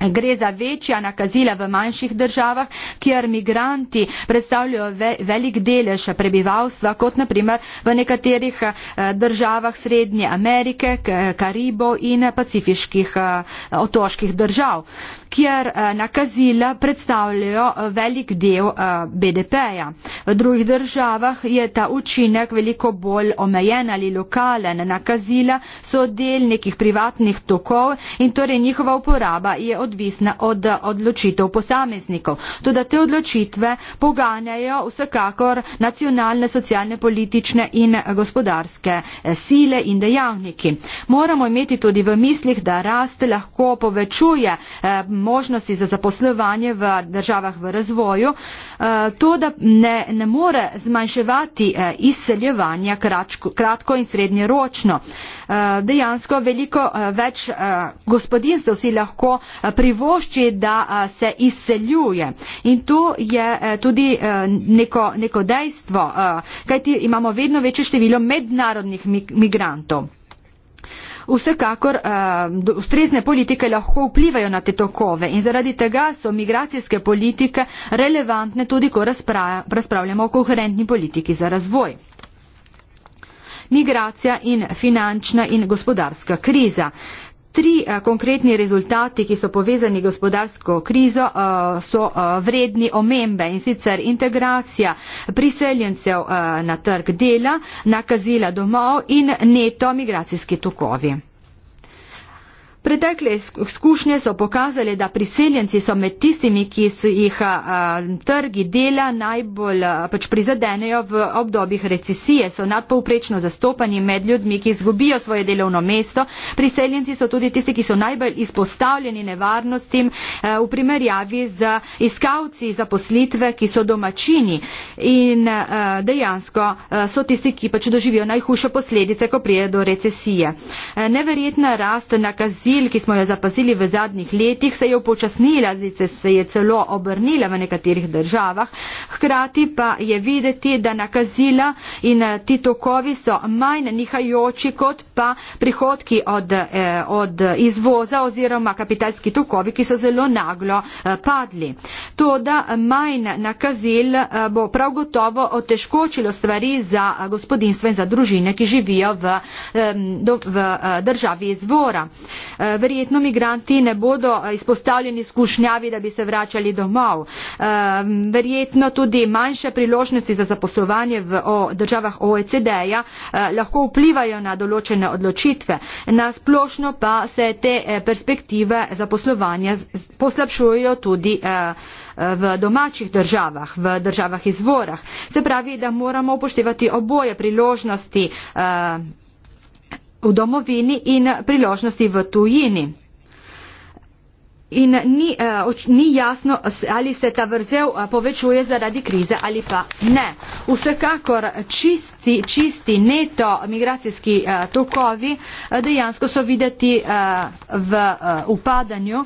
Gre za večja nakazila v manjših državah, kjer migranti predstavljajo velik delež prebivalstva, kot naprimer v nekaterih eh, državah Srednje Amerike, Karibo in pacifiških eh, otoških držav, kjer eh, nakazila predstavljajo velik del BDP-ja. V drugih državah je ta učinek veliko bolj omejen ali lokalen. Nakazila so del nekih privatnih tokov in torej njihova uporaba je odvisna odvisna od odločitev posameznikov. Tudi te odločitve poganjajo vsekakor nacionalne, socialne, politične in gospodarske eh, sile in dejavniki. Moramo imeti tudi v mislih, da rast lahko povečuje eh, možnosti za zaposlovanje v državah v razvoju, eh, to, da ne, ne more zmanjševati izseljevanja kratko, kratko in srednjeročno. Eh, dejansko veliko eh, več eh, gospodinstv si lahko privošči, da se izseljuje. In tu je tudi neko, neko dejstvo, kajti imamo vedno večje število mednarodnih migrantov. Vsekakor uh, ustrezne politike lahko vplivajo na te tokove in zaradi tega so migracijske politike relevantne tudi, ko razpravljamo o koherentni politiki za razvoj migracija in finančna in gospodarska kriza. Tri eh, konkretni rezultati, ki so povezani gospodarsko krizo, eh, so eh, vredni omembe in sicer integracija priseljencev na trg dela, nakazila domov in neto migracijski tokovi. Pretekle izkušnje so pokazali, da priseljenci so med tistimi, ki so jih trgi dela najbolj pač prizadenejo v obdobjih recesije, so nadpovprečno zastopani med ljudmi, ki izgubijo svoje delovno mesto. Priseljenci so tudi tisti, ki so najbolj izpostavljeni nevarnostim v primerjavi z iskavci za poslitve, ki so domačini in dejansko so tisti, ki pač doživijo najhujše posledice, ko prije do recesije. Neverjetna rast nakazi sil, ki smo jo zapazili v zadnjih letih, se je upočasnila, zice se je celo obrnila v nekaterih državah. Hkrati pa je videti, da nakazila in eh, ti tokovi so manj nihajoči kot pa prihodki od, eh, od izvoza oziroma kapitalski tokovi, ki so zelo naglo eh, padli. To, da manj nakazil eh, bo prav gotovo otežkočilo stvari za eh, gospodinstva in za družine, ki živijo v, eh, do, v eh, državi izvora. Eh, verjetno migranti ne bodo izpostavljeni skušnjavi, da bi se vračali domov. Ehm, verjetno tudi manjše priložnosti za zaposlovanje v državah OECD-ja eh, lahko vplivajo na določene odločitve. Na splošno pa se te eh, perspektive zaposlovanja poslabšujejo tudi eh, v domačih državah, v državah izvorah. Se pravi, da moramo upoštevati oboje priložnosti v domovini in priložnosti v tujini. In ni, eh, ni jasno, ali se ta vrzel eh, povečuje zaradi krize ali pa ne. Vsekakor čisti, čisti neto migracijski eh, tokovi dejansko so videti v upadanju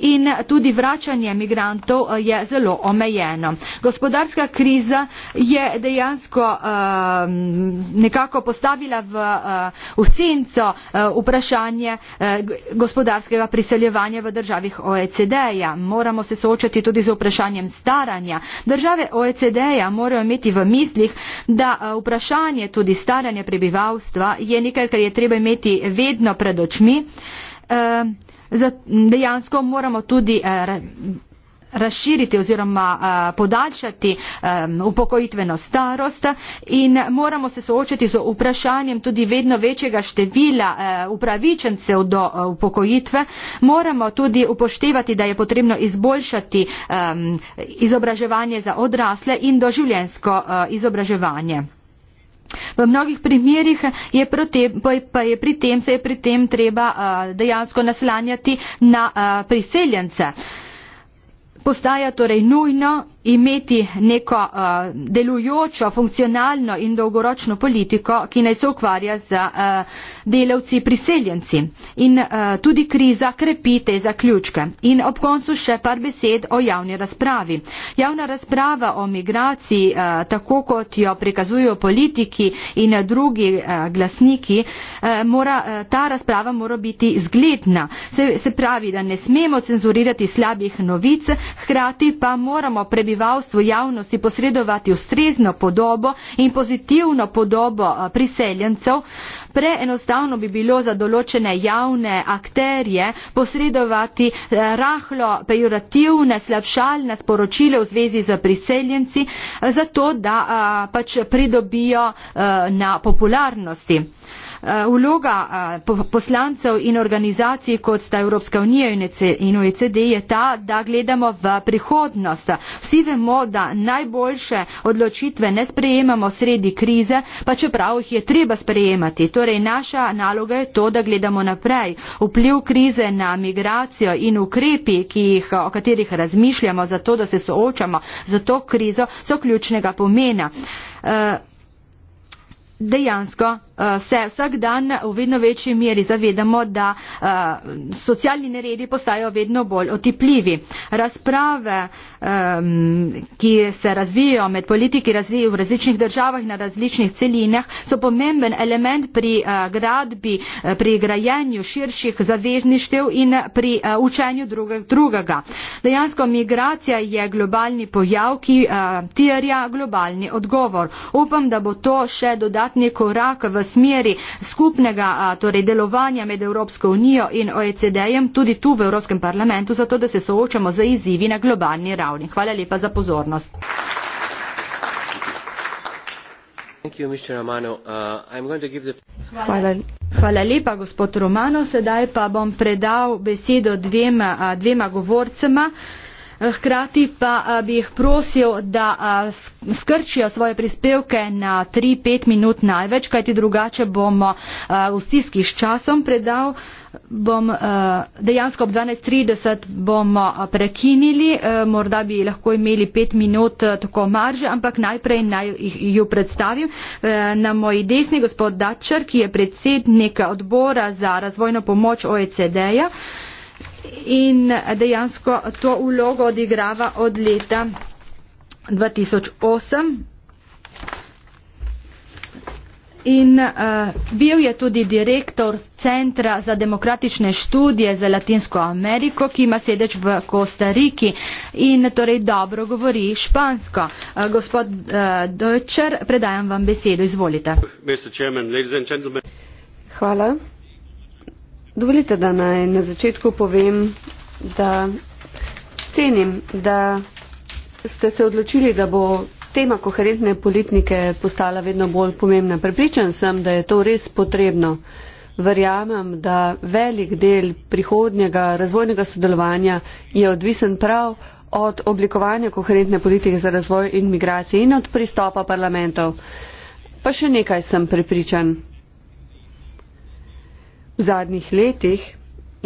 in tudi vračanje migrantov eh, je zelo omejeno. Gospodarska kriza je dejansko ehm, nekako postavila v, eh, v senco eh, vprašanje gospodarskega priseljevanja v državih OECD-ja. Moramo se soočati tudi z vprašanjem staranja. Države OECD-ja morajo imeti v mislih, da vprašanje tudi staranja prebivalstva je nekaj, kar je treba imeti vedno pred očmi. Ehm, dejansko moramo tudi eh, razširiti oziroma eh, podaljšati upokojitveno starost in moramo se soočiti z vprašanjem tudi vedno večjega števila eh, upravičencev do upokojitve. Moramo tudi upoštevati, da je potrebno izboljšati izobraževanje za odrasle in doživljensko izobraževanje. V mnogih primerjih je tem, pa je pri tem, se je pri tem treba dejansko naslanjati na priseljence. Postaja torej nujno imeti neko uh, delujočo, funkcionalno in dolgoročno politiko, ki naj se ukvarja z uh, delavci priseljenci. In uh, tudi kriza krepi te zaključke. In ob koncu še par besed o javni razpravi. Javna razprava o migraciji, uh, tako kot jo prikazujo politiki in drugi uh, glasniki, uh, mora, uh, ta razprava mora biti zgledna. Se, se pravi, da ne smemo cenzurirati slabih novic, hkrati pa moramo prebivati prebivalstvu javnosti posredovati ustrezno podobo in pozitivno podobo eh, priseljencev, preenostavno bi bilo za določene javne akterje posredovati eh, rahlo pejorativne, slabšalne sporočile v zvezi z priseljenci, eh, zato da pač pridobijo na popularnosti. Eh, vloga eh, poslancev in organizacij, kot sta Evropska unija in e OECD, je ta, da gledamo v prihodnost. Vsi vemo, da najboljše odločitve ne sprejemamo sredi krize, pa čeprav jih je treba sprejemati. Torej, naša naloga je to, da gledamo naprej. Vpliv krize na migracijo in ukrepi, jih, o katerih razmišljamo, zato da se soočamo z to krizo, so ključnega pomena. Eh, dejansko Eh, se vsak dan v vedno večji meri zavedamo, da eh, socialni neredi postajajo vedno bolj otipljivi. Razprave, ehm, ki se razvijajo med politiki v različnih državah in na različnih celinah, so pomemben element pri eh, gradbi, pri grajenju širših zavezništev in pri učenju drugeg, drugega. Dejansko migracija je globalni pojav, ki terja globalni odgovor. Upam, da bo to še dodatni korak v smeri skupnega torej delovanja med Evropsko unijo in OECD-jem tudi tu v Evropskem parlamentu, zato da se soočamo za izzivi na globalni ravni. Hvala lepa za pozornost. Uh, hvala, hvala lepa, gospod Romano. Sedaj pa bom predal besedo dvema, dvema govorcema hkrati pa eh, bi jih prosil, da eh, skrčijo svoje prispevke na 3-5 minut največ, kajti drugače bomo eh, v stiski s časom predal. Bom, dejansko ob 12.30 bomo prekinili, morda bi lahko imeli 5 minut tako marže, ampak najprej naj ju predstavim. Na moji desni gospod Dačer, ki je predsednik odbora za razvojno pomoč OECD-ja in dejansko to vlogo odigrava od leta 2008. In uh, bil je tudi direktor Centra za demokratične študije za Latinsko Ameriko, ki ima sedeč v Kostariki in torej dobro govori špansko. Uh, gospod uh, Deutscher, predajam vam besedo, izvolite. Hvala. Dovolite, da naj na začetku povem, da cenim, da ste se odločili, da bo tema koherentne politike postala vedno bolj pomembna. Prepričan sem, da je to res potrebno. Verjamem, da velik del prihodnjega razvojnega sodelovanja je odvisen prav od oblikovanja koherentne politike za razvoj in migracije in od pristopa parlamentov. Pa še nekaj sem prepričan v zadnjih letih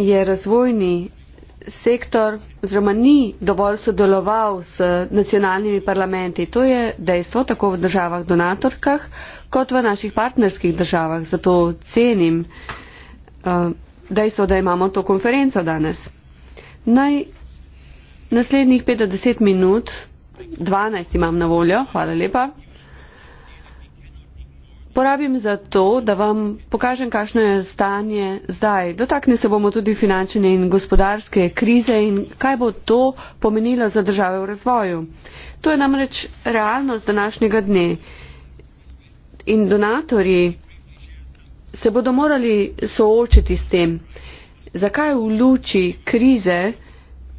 je razvojni sektor oziroma ni dovolj sodeloval s nacionalnimi parlamenti. To je dejstvo tako v državah donatorkah kot v naših partnerskih državah. Zato cenim eh, dejstvo, da imamo to konferenco danes. Naj naslednjih 50 minut, 12 imam na voljo, hvala lepa porabim za to, da vam pokažem, kakšno je stanje zdaj. Dotakne se bomo tudi finančne in gospodarske krize in kaj bo to pomenilo za države v razvoju. To je namreč realnost današnjega dne. In donatori se bodo morali soočiti s tem, zakaj v luči krize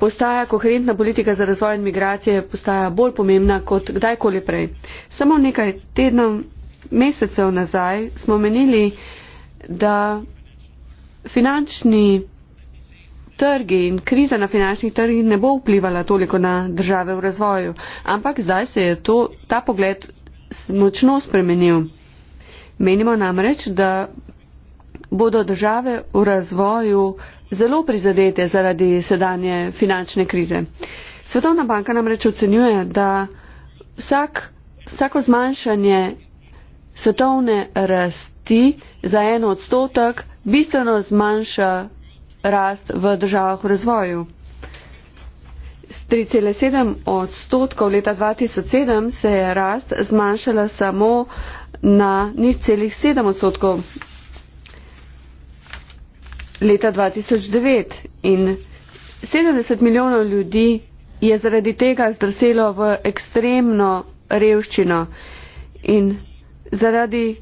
postaja koherentna politika za razvoj in migracije postaja bolj pomembna kot kdajkoli prej. Samo nekaj tednov mesecev nazaj smo menili, da finančni trgi in kriza na finančnih trgih ne bo vplivala toliko na države v razvoju, ampak zdaj se je to, ta pogled močno spremenil. Menimo namreč, da bodo države v razvoju zelo prizadete zaradi sedanje finančne krize. Svetovna banka namreč ocenjuje, da vsak, vsako zmanjšanje svetovne rasti za en odstotek bistveno zmanjša rast v državah v razvoju. Z 3,7 odstotkov leta 2007 se je rast zmanjšala samo na 0,7 odstotkov leta 2009 in 70 milijonov ljudi je zaradi tega zdrselo v ekstremno revščino in zaradi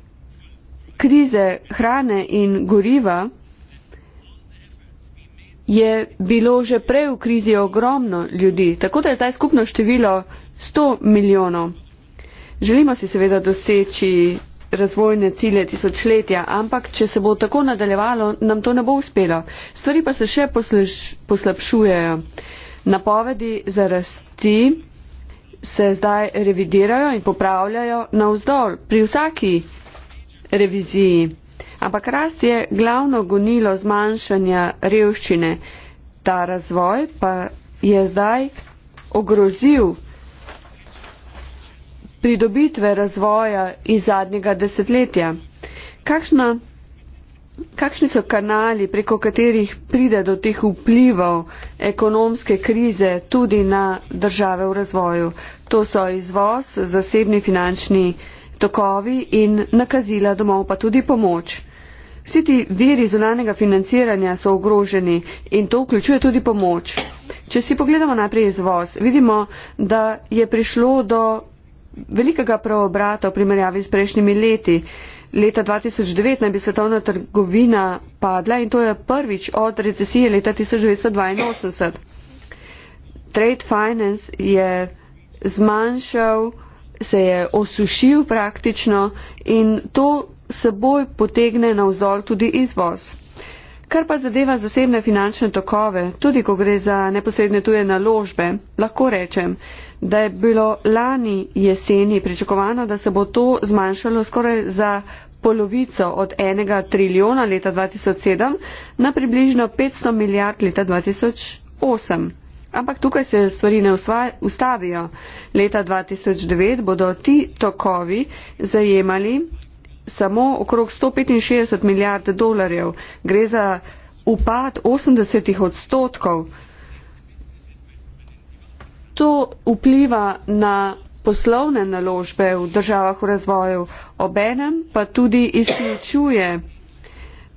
krize hrane in goriva je bilo že prej v krizi ogromno ljudi, tako da je ta skupno število 100 milijonov. Želimo si seveda doseči razvojne cilje tisočletja, ampak če se bo tako nadaljevalo, nam to ne bo uspelo. Stvari pa se še poslabšujejo. Napovedi za rasti se zdaj revidirajo in popravljajo navzdol pri vsaki reviziji. Ampak rast je glavno gonilo zmanjšanja revščine. Ta razvoj pa je zdaj ogrozil pridobitve razvoja iz zadnjega desetletja. Kakšna Kakšni so kanali, preko katerih pride do teh vplivov ekonomske krize tudi na države v razvoju? To so izvoz, zasebni finančni tokovi in nakazila domov, pa tudi pomoč. Vsi ti viri zunanega financiranja so ogroženi in to vključuje tudi pomoč. Če si pogledamo najprej izvoz, vidimo, da je prišlo do velikega preobrata v primerjavi s prejšnjimi leti. Leta 2009 naj bi svetovna trgovina padla in to je prvič od recesije leta 1982. Trade Finance je zmanjšal, se je osušil praktično in to seboj potegne na vzdolj tudi izvoz. Kar pa zadeva zasebne finančne tokove, tudi ko gre za neposredne tuje naložbe, lahko rečem, da je bilo lani jeseni pričakovano, da se bo to zmanjšalo skoraj za polovico od 1 trilijona leta 2007 na približno 500 milijard leta 2008. Ampak tukaj se stvari ne ustavijo. Leta 2009 bodo ti tokovi zajemali samo okrog 165 milijard dolarjev. Gre za upad 80 odstotkov to vpliva na poslovne naložbe v državah v razvoju obenem, pa tudi izključuje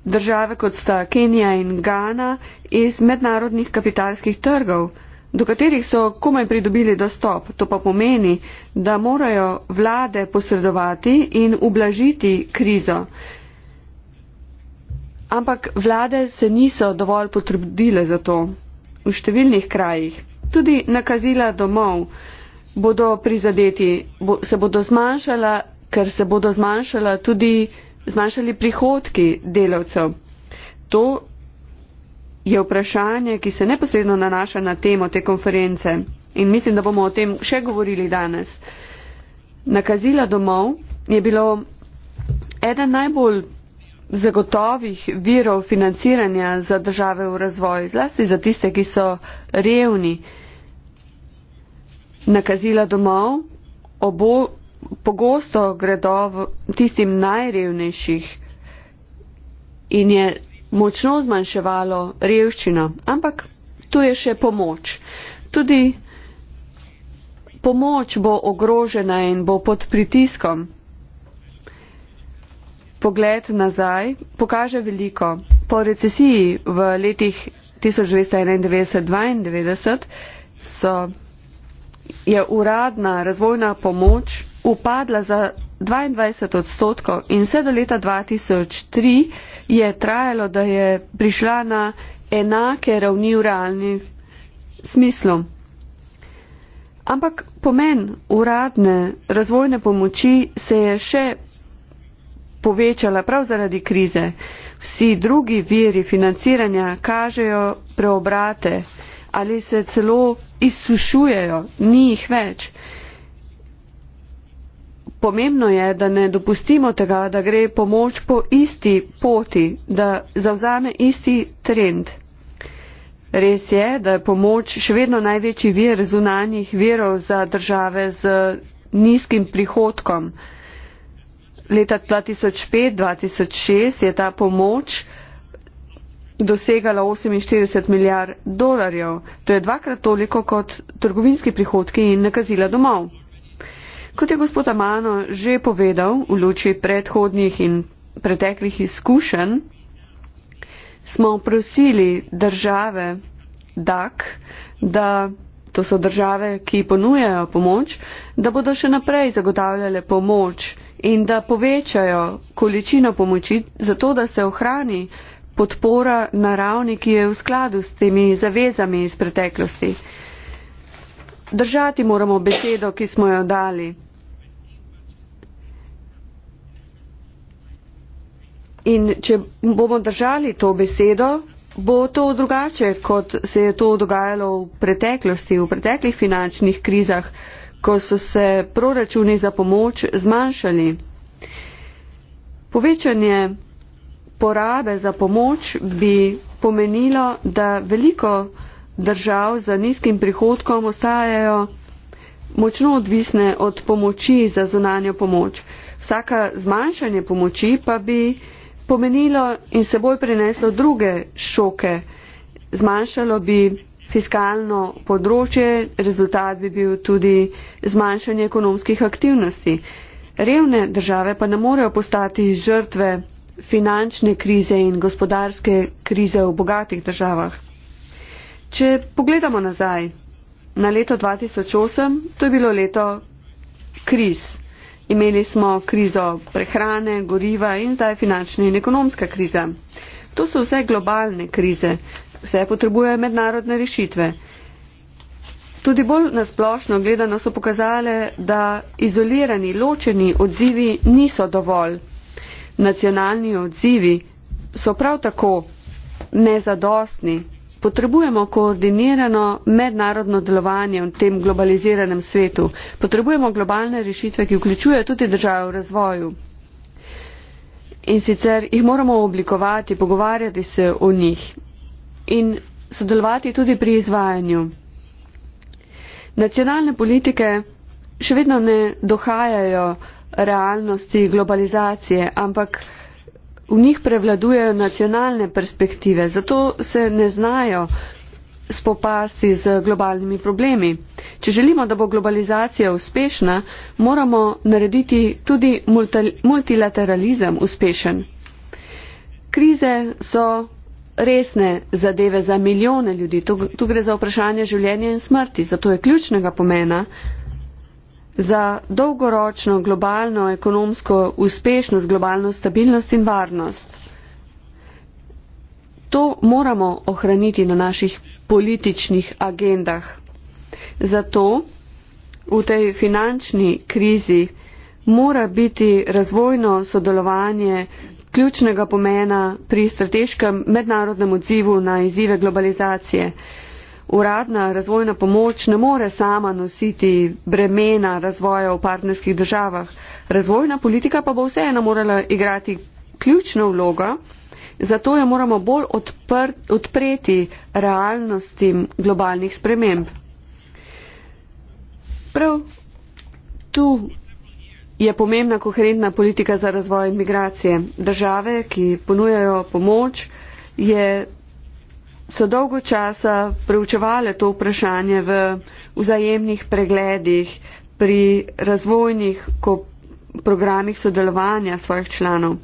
države kot sta Kenija in Ghana iz mednarodnih kapitalskih trgov, do katerih so komaj pridobili dostop. To pa pomeni, da morajo vlade posredovati in ublažiti krizo. Ampak vlade se niso dovolj potrudile za to v številnih krajih tudi nakazila domov bodo prizadeti, bo, se bodo zmanjšala, ker se bodo zmanjšala tudi zmanjšali prihodki delavcev. To je vprašanje, ki se neposredno nanaša na temo te konference in mislim, da bomo o tem še govorili danes. Nakazila domov je bilo eden najbolj zagotovih virov financiranja za države v razvoju, zlasti za tiste, ki so revni nakazila domov, obo, pogosto gredo v tistim najrevnejših in je močno zmanjševalo revščino. Ampak tu je še pomoč. Tudi pomoč bo ogrožena in bo pod pritiskom. Pogled nazaj pokaže veliko. Po recesiji v letih 1991-1992 so je uradna razvojna pomoč upadla za 22 odstotkov in vse do leta 2003 je trajalo, da je prišla na enake ravni v realni smislu. Ampak pomen uradne razvojne pomoči se je še povečala prav zaradi krize. Vsi drugi viri financiranja kažejo preobrate ali se celo izsušujejo, ni jih več. Pomembno je, da ne dopustimo tega, da gre pomoč po isti poti, da zavzame isti trend. Res je, da je pomoč še vedno največji vir zunanjih virov za države z nizkim prihodkom. Leta 2005-2006 je ta pomoč dosegala 48 milijard dolarjev, to je dvakrat toliko kot trgovinski prihodki in nakazila domov. Kot je gospod Amano že povedal v luči predhodnih in preteklih izkušenj, smo prosili države DAK, da to so države, ki ponujajo pomoč, da bodo še naprej zagotavljale pomoč in da povečajo količino pomoči, zato da se ohrani podpora na ravni, ki je v skladu s temi zavezami iz preteklosti. Držati moramo besedo, ki smo jo dali. In če bomo držali to besedo, bo to drugače, kot se je to dogajalo v preteklosti, v preteklih finančnih krizah, ko so se proračuni za pomoč zmanjšali. Povečanje porabe za pomoč bi pomenilo, da veliko držav z nizkim prihodkom ostajajo močno odvisne od pomoči za zunanjo pomoč. Vsaka zmanjšanje pomoči pa bi pomenilo in seboj prineslo druge šoke. Zmanjšalo bi fiskalno področje, rezultat bi bil tudi zmanjšanje ekonomskih aktivnosti. Revne države pa ne morejo postati žrtve finančne krize in gospodarske krize v bogatih državah. Če pogledamo nazaj na leto 2008, to je bilo leto kriz. Imeli smo krizo prehrane, goriva in zdaj finančna in ekonomska kriza. To so vse globalne krize, vse potrebuje mednarodne rešitve. Tudi bolj nasplošno gledano so pokazale, da izolirani, ločeni odzivi niso dovolj nacionalni odzivi so prav tako nezadostni. Potrebujemo koordinirano mednarodno delovanje v tem globaliziranem svetu. Potrebujemo globalne rešitve, ki vključujejo tudi države v razvoju. In sicer jih moramo oblikovati, pogovarjati se o njih in sodelovati tudi pri izvajanju. Nacionalne politike še vedno ne dohajajo realnosti globalizacije, ampak v njih prevladujejo nacionalne perspektive, zato se ne znajo spopasti z globalnimi problemi. Če želimo, da bo globalizacija uspešna, moramo narediti tudi multilateralizem uspešen. Krize so resne zadeve za milijone ljudi. Tu gre za vprašanje življenja in smrti, zato je ključnega pomena, za dolgoročno globalno ekonomsko uspešnost, globalno stabilnost in varnost. To moramo ohraniti na naših političnih agendah. Zato v tej finančni krizi mora biti razvojno sodelovanje ključnega pomena pri strateškem mednarodnem odzivu na izzive globalizacije uradna razvojna pomoč ne more sama nositi bremena razvoja v partnerskih državah. Razvojna politika pa bo vseeno morala igrati ključno vlogo, zato jo moramo bolj odpr odpreti realnostim globalnih sprememb. Prav tu je pomembna koherentna politika za razvoj in migracije. Države, ki ponujajo pomoč, je so dolgo časa preučevali to vprašanje v vzajemnih pregledih pri razvojnih programih sodelovanja svojih članov.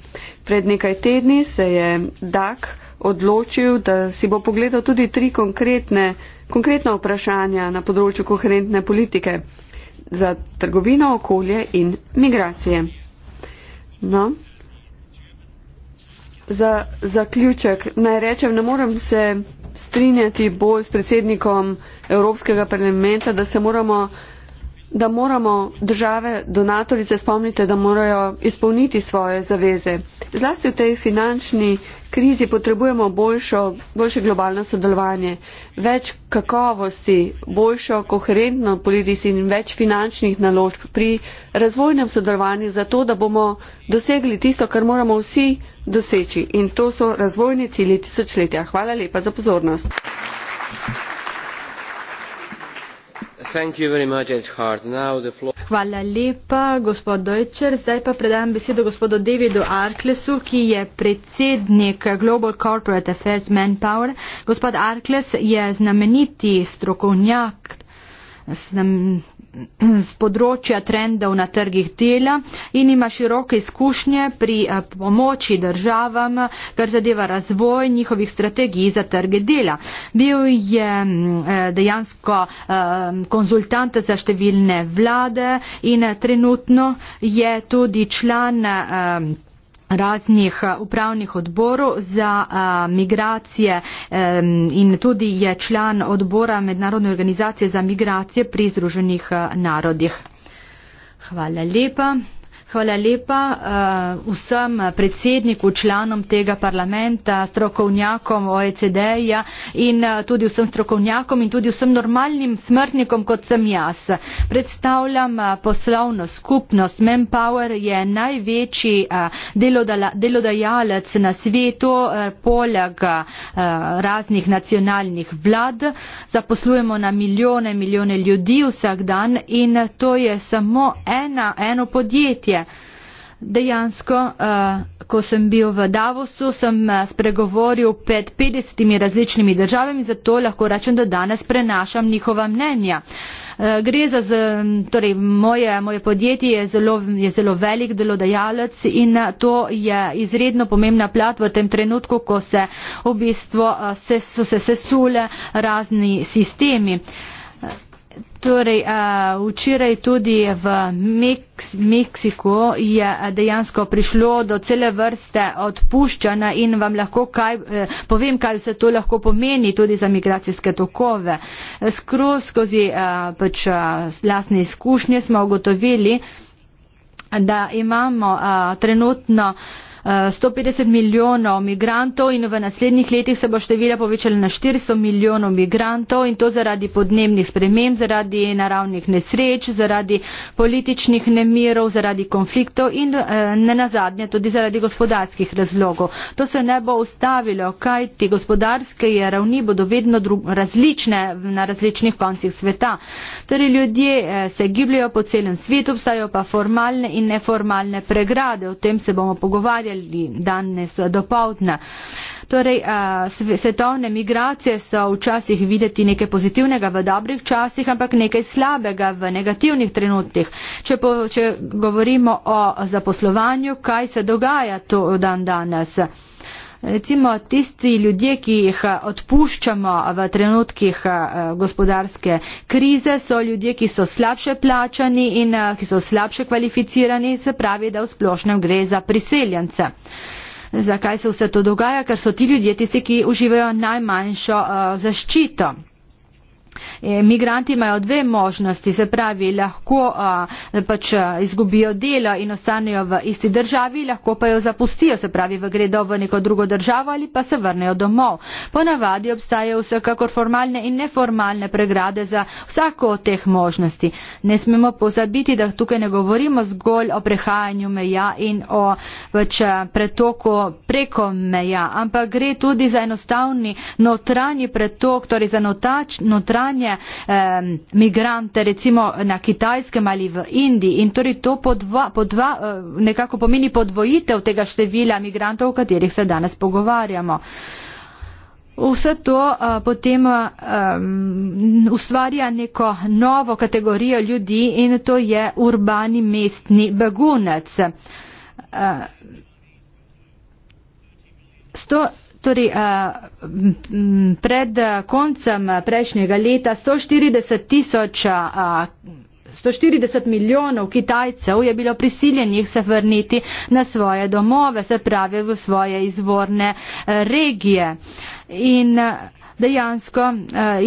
Pred nekaj tedni se je DAK odločil, da si bo pogledal tudi tri konkretne, konkretna vprašanja na področju koherentne politike za trgovino, okolje in migracije. No, za zaključek naj rečem, ne morem se strinjati bolj s predsednikom Evropskega parlamenta, da se moramo da moramo države donatorice spomniti, da morajo izpolniti svoje zaveze. Zlasti v tej finančni krizi potrebujemo boljšo, boljše globalno sodelovanje, več kakovosti, boljšo koherentno politiko in več finančnih naložb pri razvojnem sodelovanju, zato da bomo dosegli tisto, kar moramo vsi doseči. In to so razvojni cilji tisočletja. Hvala lepa za pozornost. Hvala lepa, gospod Deutscher. Zdaj pa predam besedo gospodu Davidu Arklesu, ki je predsednik Global Corporate Affairs Manpower. Gospod Arkles je znameniti strokovnjak, znam, z področja trendov na trgih dela in ima široke izkušnje pri eh, pomoči državam, kar zadeva razvoj njihovih strategij za trge dela. Bil je mm, eh, dejansko eh, konzultant za številne vlade in trenutno je tudi član raznih eh, upravnih odborov za a, eh, migracije e, in tudi je član odbora Mednarodne organizacije za migracije pri Združenih eh, narodih. Hvala lepa. Hvala lepa uh, vsem predsedniku, članom tega parlamenta, strokovnjakom OECD-ja in uh, tudi vsem strokovnjakom in tudi vsem normalnim smrtnikom, kot sem jaz. Predstavljam uh, poslovno skupnost. Manpower je največji uh, delodala, delodajalec na svetu, uh, poleg uh, raznih nacionalnih vlad. Zaposlujemo na milijone, milijone ljudi vsak dan in to je samo ena, eno podjetje dejansko, eh, ko sem bil v Davosu, sem eh, spregovoril pred 50 različnimi državami, zato lahko rečem, da danes prenašam njihova mnenja. Eh, gre za, torej moje, moje podjetje je zelo, je zelo velik delodajalec in to je izredno pomembna plat v tem trenutku, ko se v bistvu se, so se sesule razni sistemi. Uh, Torej, uh, včeraj tudi v Meks Meksiku je dejansko prišlo do cele vrste odpuščanja in vam lahko kaj, eh, povem, kaj vse to lahko pomeni tudi za migracijske tokove. Skroz skozi eh, pač, lasne izkušnje smo ugotovili, da imamo eh, trenutno eh, 150 milijonov migrantov in v naslednjih letih se bo število povečalo na 400 milijonov migrantov in to zaradi podnebnih sprememb, zaradi naravnih nesreč, zaradi političnih nemirov, zaradi konfliktov in eh, ne nazadnje tudi zaradi gospodarskih razlogov. To se ne bo ustavilo, kaj ti gospodarske ravni bodo vedno različne na različnih koncih sveta. Torej ljudje eh, se gibljajo po celem svetu, vstajajo pa formalne in neformalne pregrade, o tem se bomo pogovarjali pogovarjali danes do povdne. Torej, svetovne migracije so včasih videti nekaj pozitivnega v dobrih časih, ampak nekaj slabega v negativnih trenutkih. Če, po, če govorimo o zaposlovanju, kaj se dogaja to dan danes? recimo tisti ljudje, ki jih eh, odpuščamo v trenutkih eh, gospodarske krize, so ljudje, ki so slabše plačani in eh, ki so slabše kvalificirani, se pravi, da v splošnem gre za priseljence. Zakaj se vse to dogaja? Ker so ti ljudje tisti, ki uživajo najmanjšo zaščito. Eh, migranti imajo dve možnosti, se pravi, lahko a, eh, pač eh, izgubijo delo in ostanejo v isti državi, lahko pa jo zapustijo, se pravi, v gredo v neko drugo državo ali pa se vrnejo domov. Ponavadi obstajajo vsekakor formalne in neformalne pregrade za vsako od teh možnosti. Ne smemo pozabiti, da tukaj ne govorimo zgolj o prehajanju meja in o pač pretoku preko meja, ampak gre tudi za enostavni notranji pretok, torej za notač, notranji zunanje eh, migrante recimo na kitajskem ali v Indiji in torej to podva, podva, eh, nekako pomeni podvojitev tega števila migrantov, o katerih se danes pogovarjamo. Vse to a, eh, potem a, a, ustvarja neko novo kategorijo ljudi in to je urbani mestni begunec. A, eh, sto, Torej, eh, pred koncem prejšnjega leta 140 tisoč, 140 eh, milijonov Kitajcev je bilo prisiljenih se vrniti na svoje domove, se pravi v svoje izvorne eh, regije. In dejansko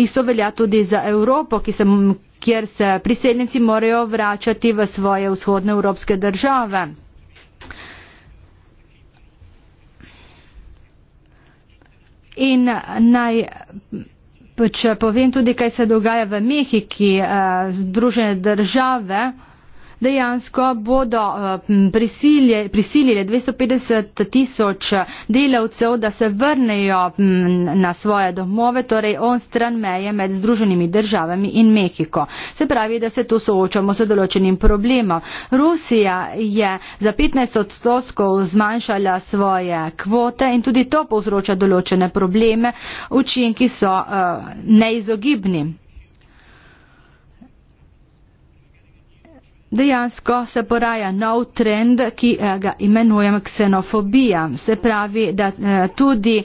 isto velja tudi za Evropo, ki sem kjer se priseljenci morajo vračati v svoje vzhodne evropske države. In eh, naj pač povem tudi, kaj se dogaja v Mehiki, eh, Združene države dejansko bodo eh, prisilje, prisilile 250 tisoč delavcev, da se vrnejo na svoje domove, torej on stran meje med Združenimi državami in Mehiko. Se pravi, da se tu soočamo s določenim problemom. Rusija je za 15 odstotkov zmanjšala svoje kvote in tudi to povzroča določene probleme. Učinki so uh, neizogibni. Dejansko se poraja nov trend, ki eh, ga imenujem ksenofobija, se pravi, da eh, tudi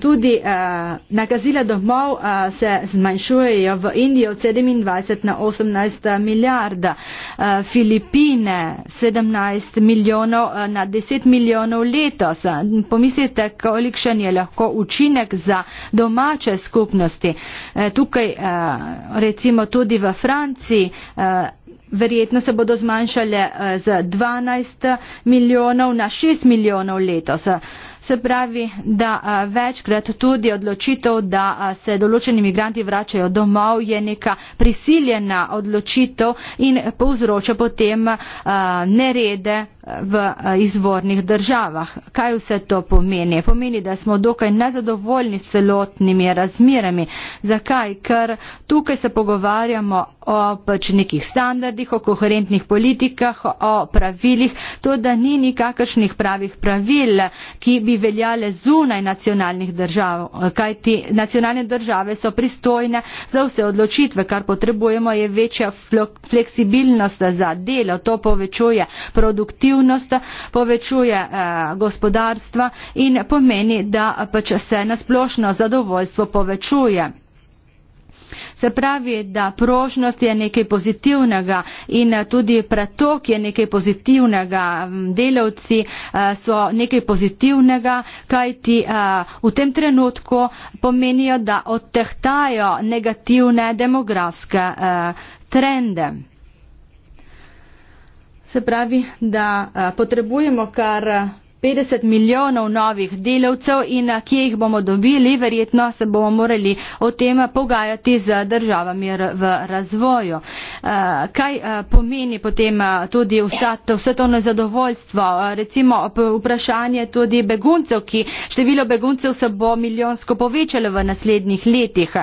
tudi uh, eh, nakazila domov uh, se zmanjšujejo v Indijo od 27 na 18 eh, milijarda, uh, Filipine 17 milijonov uh, na 10 milijonov letos. Pomislite, kolikšen je lahko učinek za domače skupnosti. Uh, tukaj uh, recimo tudi v Franciji. Uh, Verjetno se bodo zmanjšale z 12 milijonov na 6 milijonov letos se pravi, da večkrat tudi odločitev, da se določeni imigranti vračajo domov, je neka prisiljena odločitev in povzroča potem nerede v izvornih državah. Kaj vse to pomeni? Pomeni, da smo dokaj nezadovoljni s celotnimi razmerami. Zakaj? Ker tukaj se pogovarjamo o pač nekih standardih, o koherentnih politikah, o pravilih, to da ni nikakršnih pravih pravil, ki bi bi veljale zunaj nacionalnih držav, eh, kajti nacionalne države so pristojne za vse odločitve, kar potrebujemo je večja fleksibilnost za delo, to povečuje produktivnost, povečuje eh, gospodarstva in pomeni, da pač se nasplošno zadovoljstvo povečuje. Se pravi, da prožnost je nekaj pozitivnega in eh, tudi pretok je nekaj pozitivnega. Mm, delavci eh, so nekaj pozitivnega, kaj ti eh, v tem trenutku pomenijo, da odtehtajo negativne demografske trende. Se pravi, da potrebujemo kar 50 milijonov novih delavcev in eh, kje jih bomo dobili, verjetno se bomo morali o tem pogajati z državami v razvoju. Eh, kaj eh, pomeni potem tudi vsa, vse to nezadovoljstvo? Recimo vprašanje tudi beguncev, ki število beguncev se bo milijonsko povečalo v naslednjih letih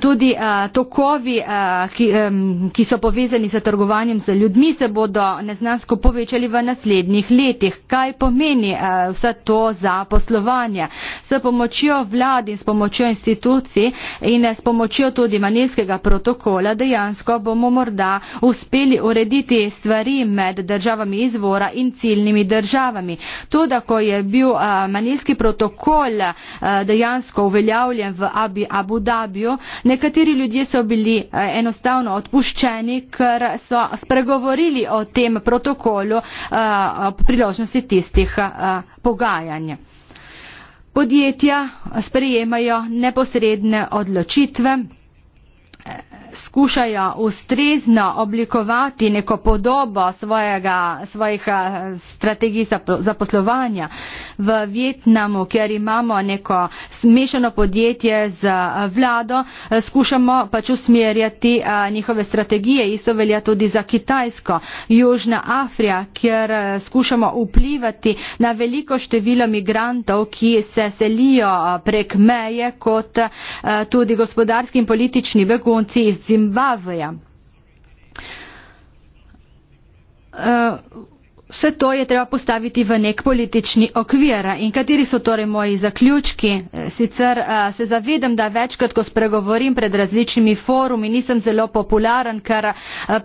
tudi eh, tokovi, eh, ki so povezani z trgovanjem z ljudmi, se bodo neznansko povečali v naslednjih letih. Kaj pomeni eh, vse to za poslovanje? S pomočjo vlad in s pomočjo institucij in s pomočjo tudi manjskega protokola dejansko bomo morda uspeli urediti stvari med državami izvora in ciljnimi državami. Tudi, ko je bil manjski protokol dejansko uveljavljen v Abu Dhabi, obdobju. Nekateri ljudje so bili eh, enostavno odpuščeni, ker so spregovorili o tem protokolu eh, priložnosti tistih eh, pogajanj. Podjetja sprejemajo neposredne odločitve skušajo ustrezno oblikovati neko podobo svojega, svojih eh, strategij zaposlovanja v Vietnamu, kjer imamo neko smešano podjetje z eh, vlado, eh, skušamo pač usmerjati njihove strategije. Isto velja tudi za Kitajsko, Južna Afrika, kjer skušamo vplivati na veliko število migrantov, ki se selijo prek meje kot tudi gospodarski in politični begunci iz Zimbabveja. Eh, vse to je treba postaviti v nek politični okvir. In kateri so torej moji zaključki? Eh, sicer eh, se zavedam, da večkrat, ko spregovorim pred različnimi forumi, nisem zelo popularen, ker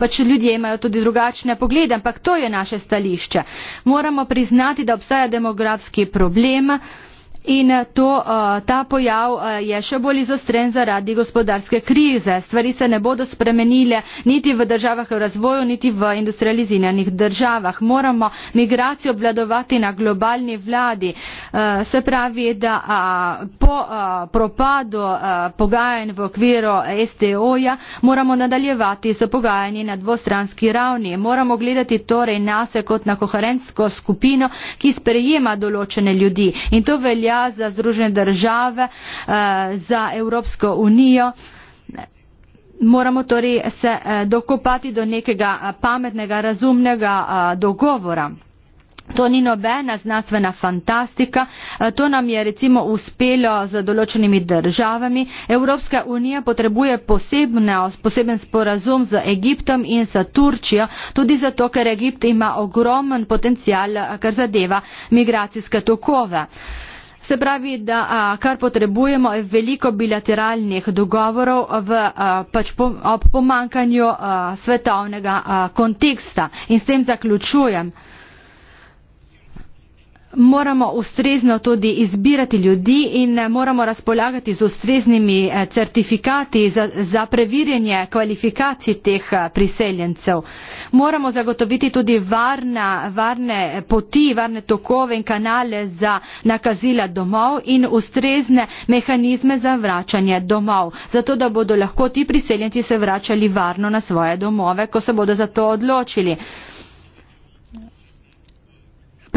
pač ljudje imajo tudi drugačne poglede, ampak to je naše stališče. Moramo priznati, da obstaja demografski problem. In eh, to, eh, ta pojav eh, je še bolj izostren zaradi gospodarske krize. Stvari se ne bodo spremenile niti v državah v razvoju, niti v industrializiranih državah. Moramo migracijo obvladovati na globalni vladi. Se pravi, da po propadu pogajanj v okviru STO-ja moramo nadaljevati s pogajanji na dvostranski ravni. Moramo gledati torej nase kot na koherensko skupino, ki sprejema določene ljudi. In to velja velja za Združene države, eh, za Evropsko unijo. Moramo torej se eh, dokopati do nekega eh, pametnega, razumnega dogovora. To ni nobena znanstvena fantastika, to nam je recimo uspelo z določenimi državami. Evropska unija potrebuje posebno, poseben sporazum z Egiptom in s Turčijo, tudi zato, ker Egipt ima ogromen potencial, kar zadeva migracijske tokove. Se pravi, da a, kar potrebujemo je veliko bilateralnih dogovorov v, a, pač po, ob pomankanju a, svetovnega a, konteksta. In s tem zaključujem moramo ustrezno tudi izbirati ljudi in eh, moramo razpolagati z ustreznimi eh, certifikati za, za preverjanje kvalifikacij teh eh, priseljencev. Moramo zagotoviti tudi varna, varne poti, varne tokove in kanale za nakazila domov in ustrezne mehanizme za vračanje domov, zato da bodo lahko ti priseljenci se vračali varno na svoje domove, ko se bodo za to odločili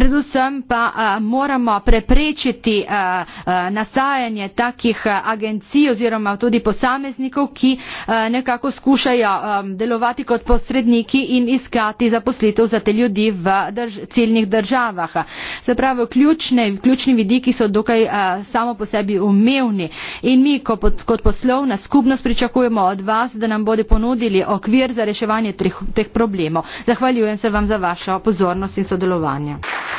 predvsem pa moramo preprečiti nastajanje takih agencij oziroma tudi posameznikov, ki nekako skušajo delovati kot posredniki in iskati zaposlitev za te ljudi v drž ciljnih državah. Zapravo ključne, ključni vidiki so dokaj samo po sebi umevni in mi kot, kot poslovna skupnost pričakujemo od vas, da nam bodo ponudili okvir za reševanje teh problemov. Zahvaljujem se vam za vašo pozornost in sodelovanje. Thank you.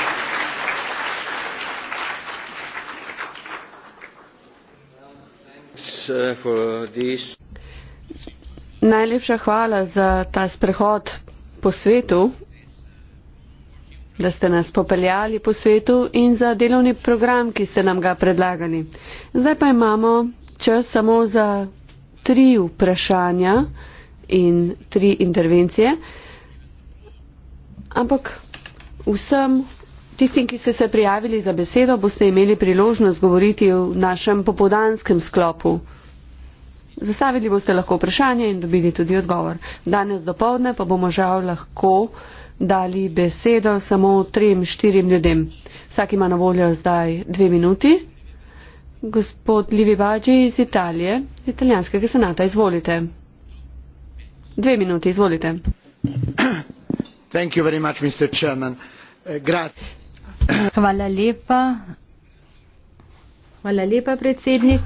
Najlepša hvala za ta sprehod po svetu, da ste nas popeljali po svetu in za delovni program, ki ste nam ga predlagali. Zdaj pa imamo čas samo za tri vprašanja in tri intervencije, ampak vsem Tistim, ki ste se prijavili za besedo, boste imeli priložnost govoriti v našem popodanskem sklopu. Zastavili boste lahko vprašanje in dobili tudi odgovor. Danes do povdne pa bomo žal lahko dali besedo samo trem, štirim ljudem. Vsak ima na voljo zdaj dve minuti. Gospod Livi Bađi iz Italije, italijanskega senata, izvolite. Dve minuti, izvolite. Much, uh, eh, grat... Hvala lepa. Hvala lepa, predsednik.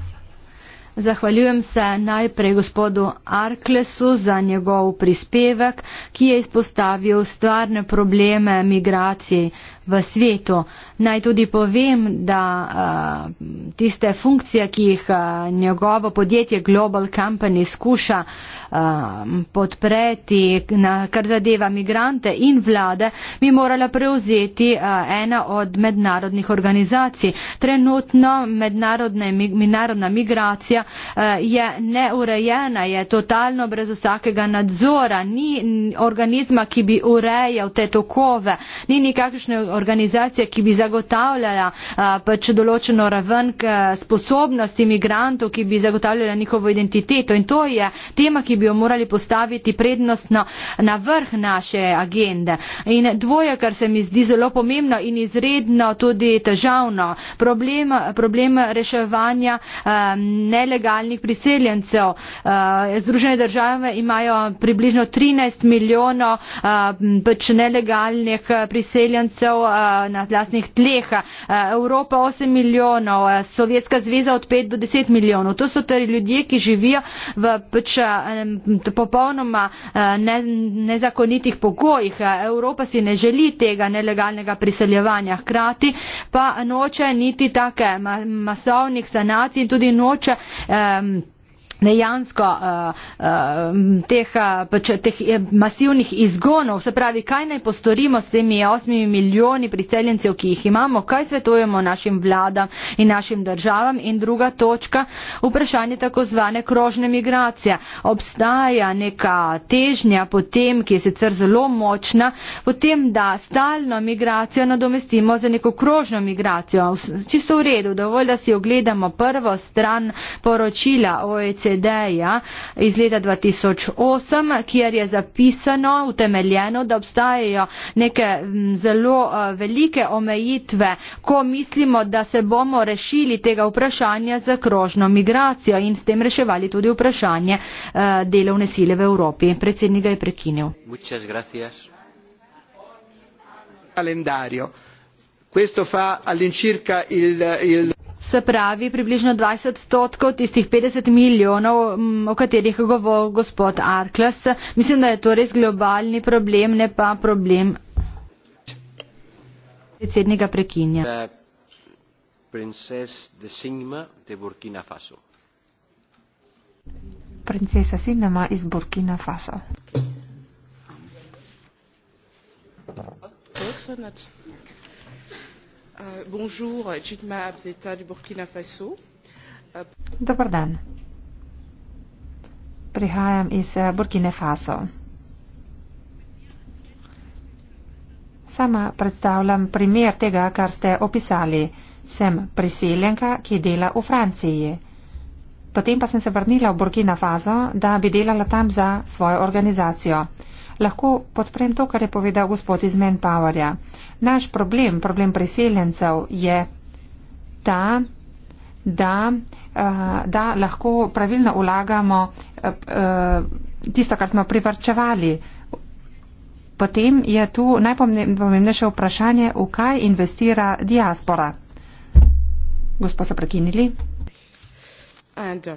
Zahvaljujem se najprej gospodu Arklesu za njegov prispevek, ki je izpostavil stvarne probleme migracij v svetu. Naj tudi povem, da uh, tiste funkcije, ki jih uh, njegovo podjetje Global Company skuša uh, Um, podpreti, kar zadeva migrante in vlade, bi morala prevzeti uh, ena od mednarodnih organizacij. Trenutno mednarodna migracija uh, je neurejena, je totalno brez vsakega nadzora, ni organizma, ki bi urejal te tokove, ni nikakšne organizacije, ki bi zagotavljala uh, pač določeno raven sposobnosti migrantov, ki bi zagotavljala njihovo identiteto. In to je tema, ki bi jo morali postaviti prednostno na vrh naše agende. In dvoje, kar se mi zdi zelo pomembno in izredno tudi težavno, problem, problem reševanja ehm, nelegalnih priseljencev. Ehm, Združene države imajo približno 13 milijonov ehm, pač nelegalnih priseljencev na vlastnih tleh, Evropa 8 milijonov, Sovjetska zveza od 5 do 10 milijonov. To so torej ljudje, ki živijo v pač popolnoma eh, ne, nezakonitih pogojih. Evropa si ne želi tega nelegalnega priseljevanja. Hkrati pa noče niti take masovnih sanacij in tudi noče. Um, dejansko uh, uh, teh, eh, pač, teh masivnih izgonov, se pravi, kaj naj postorimo s temi 8 milijoni priseljencev, ki jih imamo, kaj svetujemo našim vladam in našim državam in druga točka, vprašanje tako zvane krožne migracije. Obstaja neka težnja potem, ki je sicer zelo močna, potem, da stalno migracijo nadomestimo za neko krožno migracijo. Čisto v redu, dovolj, da si ogledamo prvo stran poročila OECD. OECD-ja iz leta 2008, kjer je zapisano, utemeljeno, da obstajajo neke zelo eh, velike omejitve, ko mislimo, da se bomo rešili tega vprašanja za krožno migracijo in s tem reševali tudi vprašanje eh, delovne sile v Evropi. Predsednik ga je prekinil. Questo fa all'incirca il, il... Se pravi, približno 20 odstotkov tistih 50 milijonov, mm, o katerih govori gospod Arklas. Mislim, da je to res globalni problem, ne pa problem. Predsednika prekinja. Princesa Sinema iz Burkina Faso. Thanks so much. Euh, bonjour, Jitma Abzeta du Burkina Faso. Euh, Dobar dan. Prihajam iz eh, Burkine Faso. Sama predstavljam primer tega, kar ste opisali. Sem priseljenka, ki dela v Franciji. Potem pa sem se vrnila v Burkina Faso, da bi delala tam za svojo organizacijo lahko podprem to, kar je povedal gospod iz Manpowerja. Naš problem, problem priseljencev je ta, da, eh, da lahko pravilno ulagamo eh, eh, tisto, kar smo privrčevali. Potem je tu najpomembnejše vprašanje, v kaj investira diaspora. Gospod so prekinili. And, uh,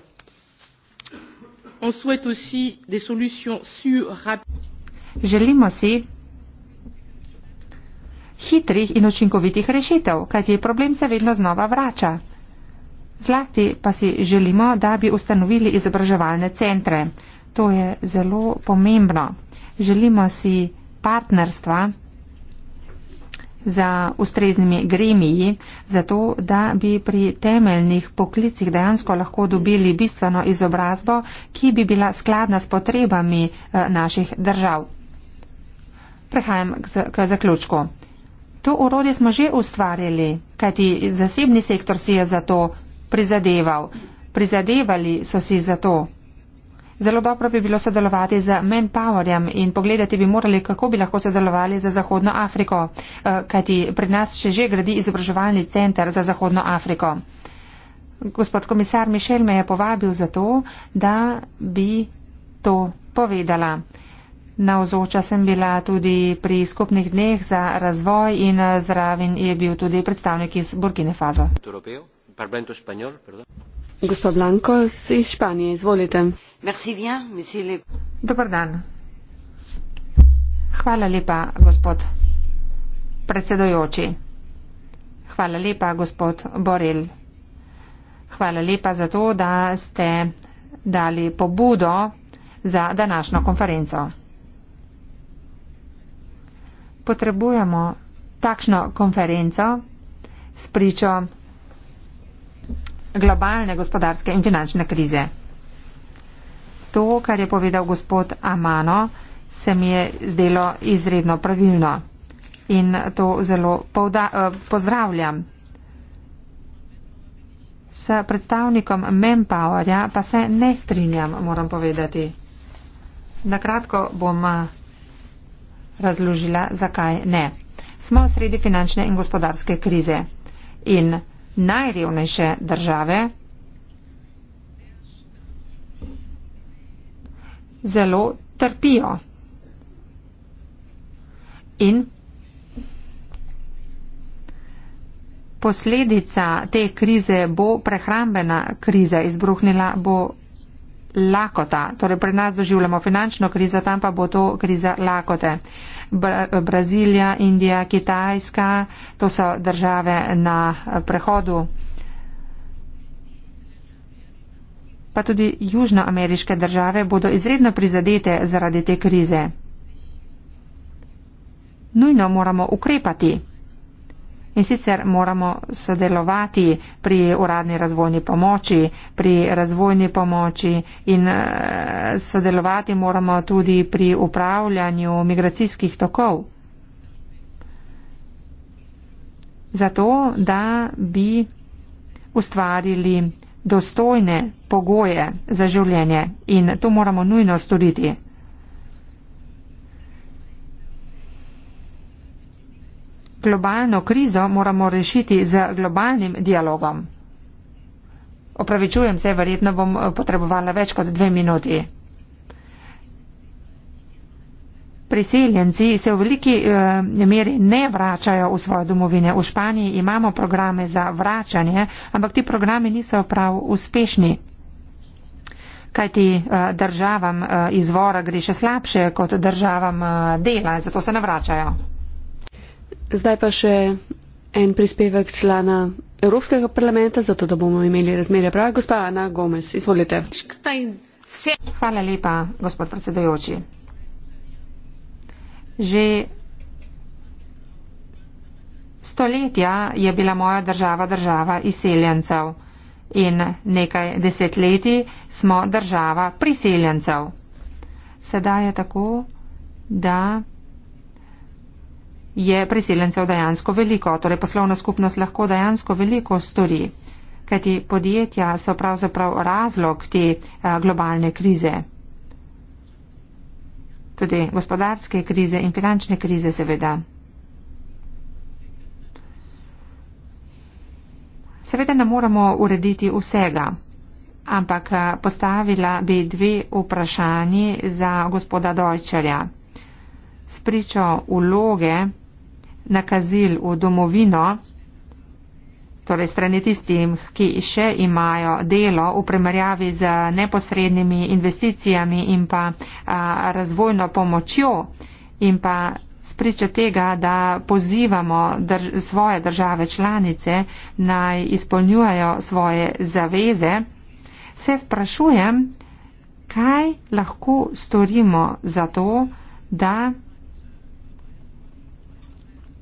on souhaite aussi des solutions sur rapide. Želimo si hitrih in učinkovitih rešitev, kajti problem se vedno znova vrača. Zlasti pa si želimo, da bi ustanovili izobraževalne centre. To je zelo pomembno. Želimo si partnerstva za ustreznimi gremiji, zato da bi pri temeljnih poklicih dejansko lahko dobili bistveno izobrazbo, ki bi bila skladna s potrebami eh, naših držav prehajam k, za, k zaključku. To orodje smo že ustvarili, kajti zasebni sektor si je za to prizadeval. Prizadevali so si za to. Zelo dobro bi bilo sodelovati z Manpowerjem in pogledati bi morali, kako bi lahko sodelovali za Zahodno Afriko, eh, kajti pri nas še že gradi izobraževalni center za Zahodno Afriko. Gospod komisar Mišel me je povabil za to, da bi to povedala. Navzoča sem bila tudi pri skupnih dneh za razvoj in eh, zraven je bil tudi predstavnik iz Burkine Faso. Gospa Blanko iz Španije, izvolite. Dobar dan. Hvala lepa, gospod predsedojoči. Hvala lepa, gospod Borel. Hvala lepa za to, da ste dali pobudo za današnjo konferenco potrebujemo takšno konferenco s pričo globalne gospodarske in finančne krize. To, kar je povedal gospod Amano, se mi je zdelo izredno pravilno in to zelo povda, eh, pozdravljam. S predstavnikom Mempowerja pa se ne strinjam, moram povedati. Na kratko bom eh, razložila, zakaj ne. Smo sredi finančne in gospodarske krize in najrevnejše države zelo trpijo. In posledica te krize bo prehrambena kriza, izbruhnila bo lakota. Torej, pri nas doživljamo finančno krizo, tam pa bo to kriza lakote. Bra Brazilija, Indija, Kitajska, to so države na eh, prehodu. Pa tudi južnoameriške države bodo izredno prizadete zaradi te krize. Nujno moramo ukrepati. In sicer moramo sodelovati pri uradni razvojni pomoči, pri razvojni pomoči in eh, sodelovati moramo tudi pri upravljanju migracijskih tokov. Zato, da bi ustvarili dostojne pogoje za življenje in to moramo nujno storiti. globalno krizo moramo rešiti z globalnim dialogom. Opravičujem se, verjetno bom eh, potrebovala več kot dve minuti. Priseljenci se v veliki eh, meri ne vračajo v svoje domovine. V Španiji imamo programe za vračanje, ampak ti programe niso prav uspešni. Kaj ti eh, državam eh, izvora gre še slabše kot državam eh, dela, zato se ne vračajo. Zdaj pa še en prispevek člana Evropskega parlamenta, zato da bomo imeli razmerje prav. Gospa Ana Gomez, izvolite. Hvala lepa, gospod predsedajoči. Že stoletja je bila moja država država izseljencev in nekaj desetletij smo država priseljencev. Sedaj je tako, da je priseljencev dejansko veliko, torej poslovna skupnost lahko dejansko veliko stori, kajti podjetja so pravzaprav razlog te eh, globalne krize. Tudi gospodarske krize in finančne krize seveda. Seveda ne moremo urediti vsega, ampak eh, postavila bi dve vprašanji za gospoda Dojčarja. Spričo vloge nakazil v domovino, torej strani tistim, ki še imajo delo v primerjavi z neposrednimi investicijami in pa a, razvojno pomočjo in pa spriča tega, da pozivamo drž svoje države članice naj izpolnjujejo svoje zaveze, se sprašujem, kaj lahko storimo za to, da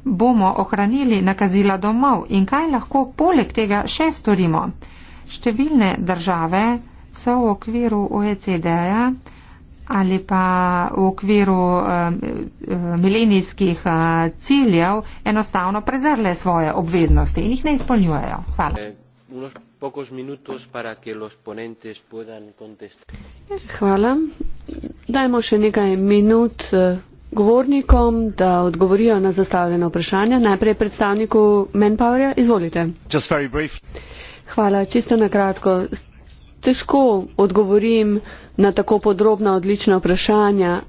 bomo ohranili nakazila domov in kaj lahko poleg tega še storimo. Številne države so v okviru OECD-ja ali pa v okviru eh, eh, milenijskih eh, ciljev enostavno prezrle svoje obveznosti in jih ne izpolnjujejo. Hvala. Hvala. Dajmo še nekaj minut govornikom, da odgovorijo na zastavljeno vprašanje. Najprej predstavniku Manpowerja, izvolite. Hvala, čisto na kratko. Težko odgovorim na tako podrobna odlična vprašanja.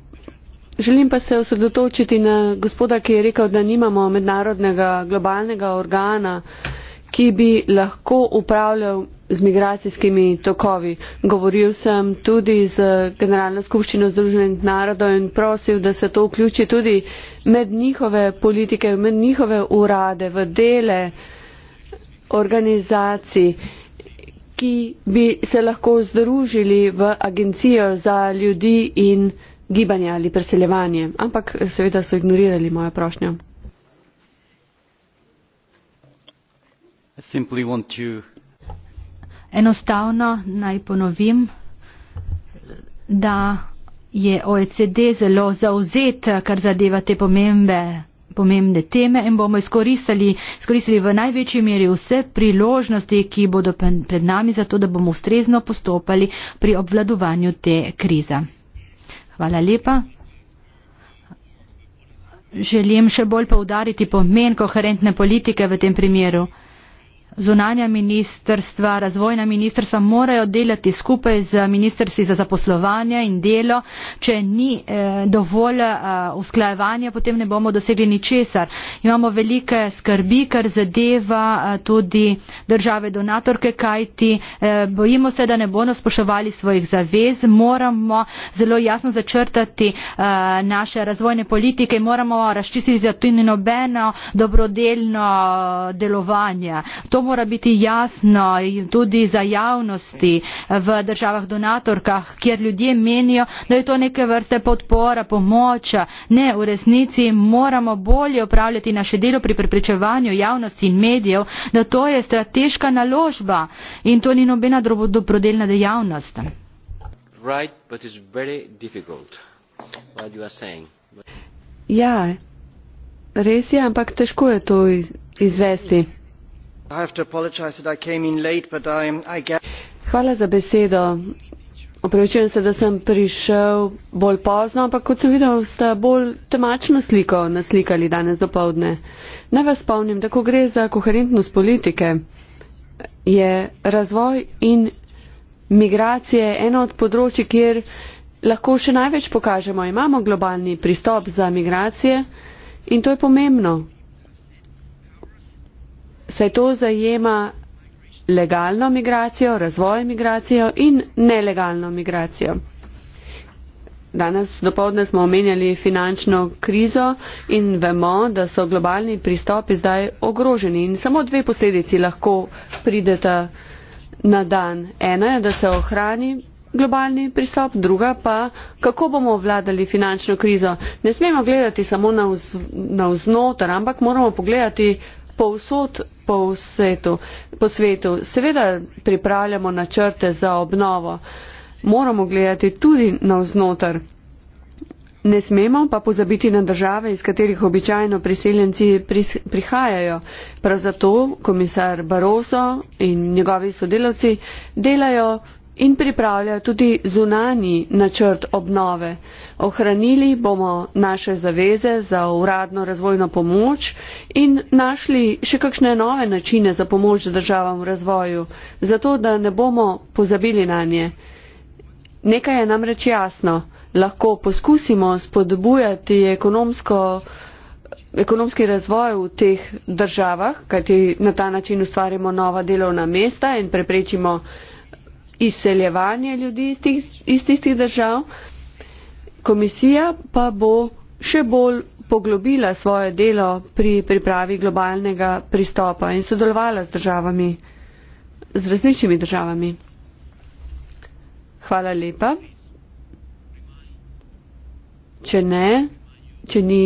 Želim pa se osredotočiti na gospoda, ki je rekel, da nimamo mednarodnega globalnega organa, ki bi lahko upravljal z migracijskimi tokovi. Govoril sem tudi z Generalno skupščino Združenih narodov in prosil, da se to vključi tudi med njihove politike, med njihove urade, v dele organizacij, ki bi se lahko združili v agencijo za ljudi in gibanje ali preseljevanje. Ampak seveda so ignorirali mojo prošnjo. I simply want to Enostavno naj ponovim, da je OECD zelo zauzet, kar zadeva te pomembe, pomembne teme in bomo izkoristili, izkoristili v največji meri vse priložnosti, ki bodo pred nami, zato da bomo ustrezno postopali pri obvladovanju te krize. Hvala lepa. Želim še bolj poudariti pomen koherentne politike v tem primeru zunanja ministrstva, razvojna ministrstva morajo delati skupaj z ministrstvi za zaposlovanje in delo. Če ni eh, dovolj eh, usklajevanja, potem ne bomo dosegli ničesar. Imamo velike skrbi, kar zadeva eh, tudi države donatorke, kajti eh, bojimo se, da ne bodo spoštovali svojih zavez. Moramo zelo jasno začrtati eh, naše razvojne politike in moramo razčistiti, da tu ni nobeno dobrodelno delovanje. To to mora biti jasno tudi za javnosti v državah donatorkah, kjer ljudje menijo, da je to neke vrste podpora, pomoč. Ne, v resnici moramo bolje upravljati naše delo pri preprečevanju javnosti in medijev, da to je strateška naložba in to ni nobena dobrodelna dejavnost. Right, but it's very difficult what you are saying. Ja, res je, ampak težko je to iz, izvesti opravičujem se da sem prišel bolj pozno ampak kot sem videl ste bolj temačno sliko naslikali danes dopoldne. Naj vas spomnim, da ko gre za koherentnost politike, je razvoj in migracije eno od področji, kjer lahko še največ pokažemo. Imamo globalni pristop za migracije in to je pomembno saj to zajema legalno migracijo, razvoj migracijo in nelegalno migracijo. Danes dopovdne smo omenjali finančno krizo in vemo, da so globalni pristopi zdaj ogroženi in samo dve posledici lahko prideta na dan. Ena je, da se ohrani globalni pristop, druga pa, kako bomo vladali finančno krizo. Ne smemo gledati samo na, vz, na vznoter, ampak moramo pogledati povsod po, svetu, po svetu. Seveda pripravljamo načrte za obnovo. Moramo gledati tudi navznotar. Ne smemo pa pozabiti na države, iz katerih običajno priseljenci prihajajo. Prav zato komisar Barroso in njegovi sodelavci delajo in pripravlja tudi zunani načrt obnove. Ohranili bomo naše zaveze za uradno razvojno pomoč in našli še kakšne nove načine za pomoč državam v razvoju, zato da ne bomo pozabili na nje. Nekaj je namreč jasno, lahko poskusimo spodbujati ekonomsko ekonomski razvoj v teh državah, kajti na ta način ustvarimo nova delovna mesta in preprečimo izseljevanje ljudi iz tistih, iz tistih držav. Komisija pa bo še bolj poglobila svoje delo pri pripravi globalnega pristopa in sodelovala z državami, z različnimi državami. Hvala lepa. Če ne, če ni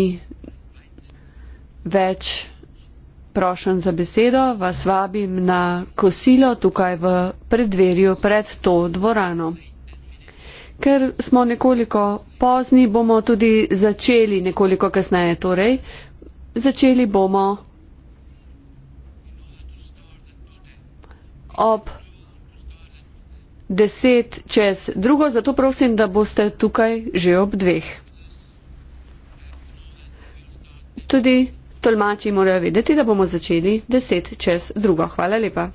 več prošen za besedo, vas vabim na kosilo tukaj v predverju pred to dvorano. Ker smo nekoliko pozni, bomo tudi začeli nekoliko kasneje. Torej, začeli bomo ob 10 čez drugo, zato prosim, da boste tukaj že ob dveh. Tudi Tolmači morajo vedeti, da bomo začeli 10 čez drugo. Hvala lepa.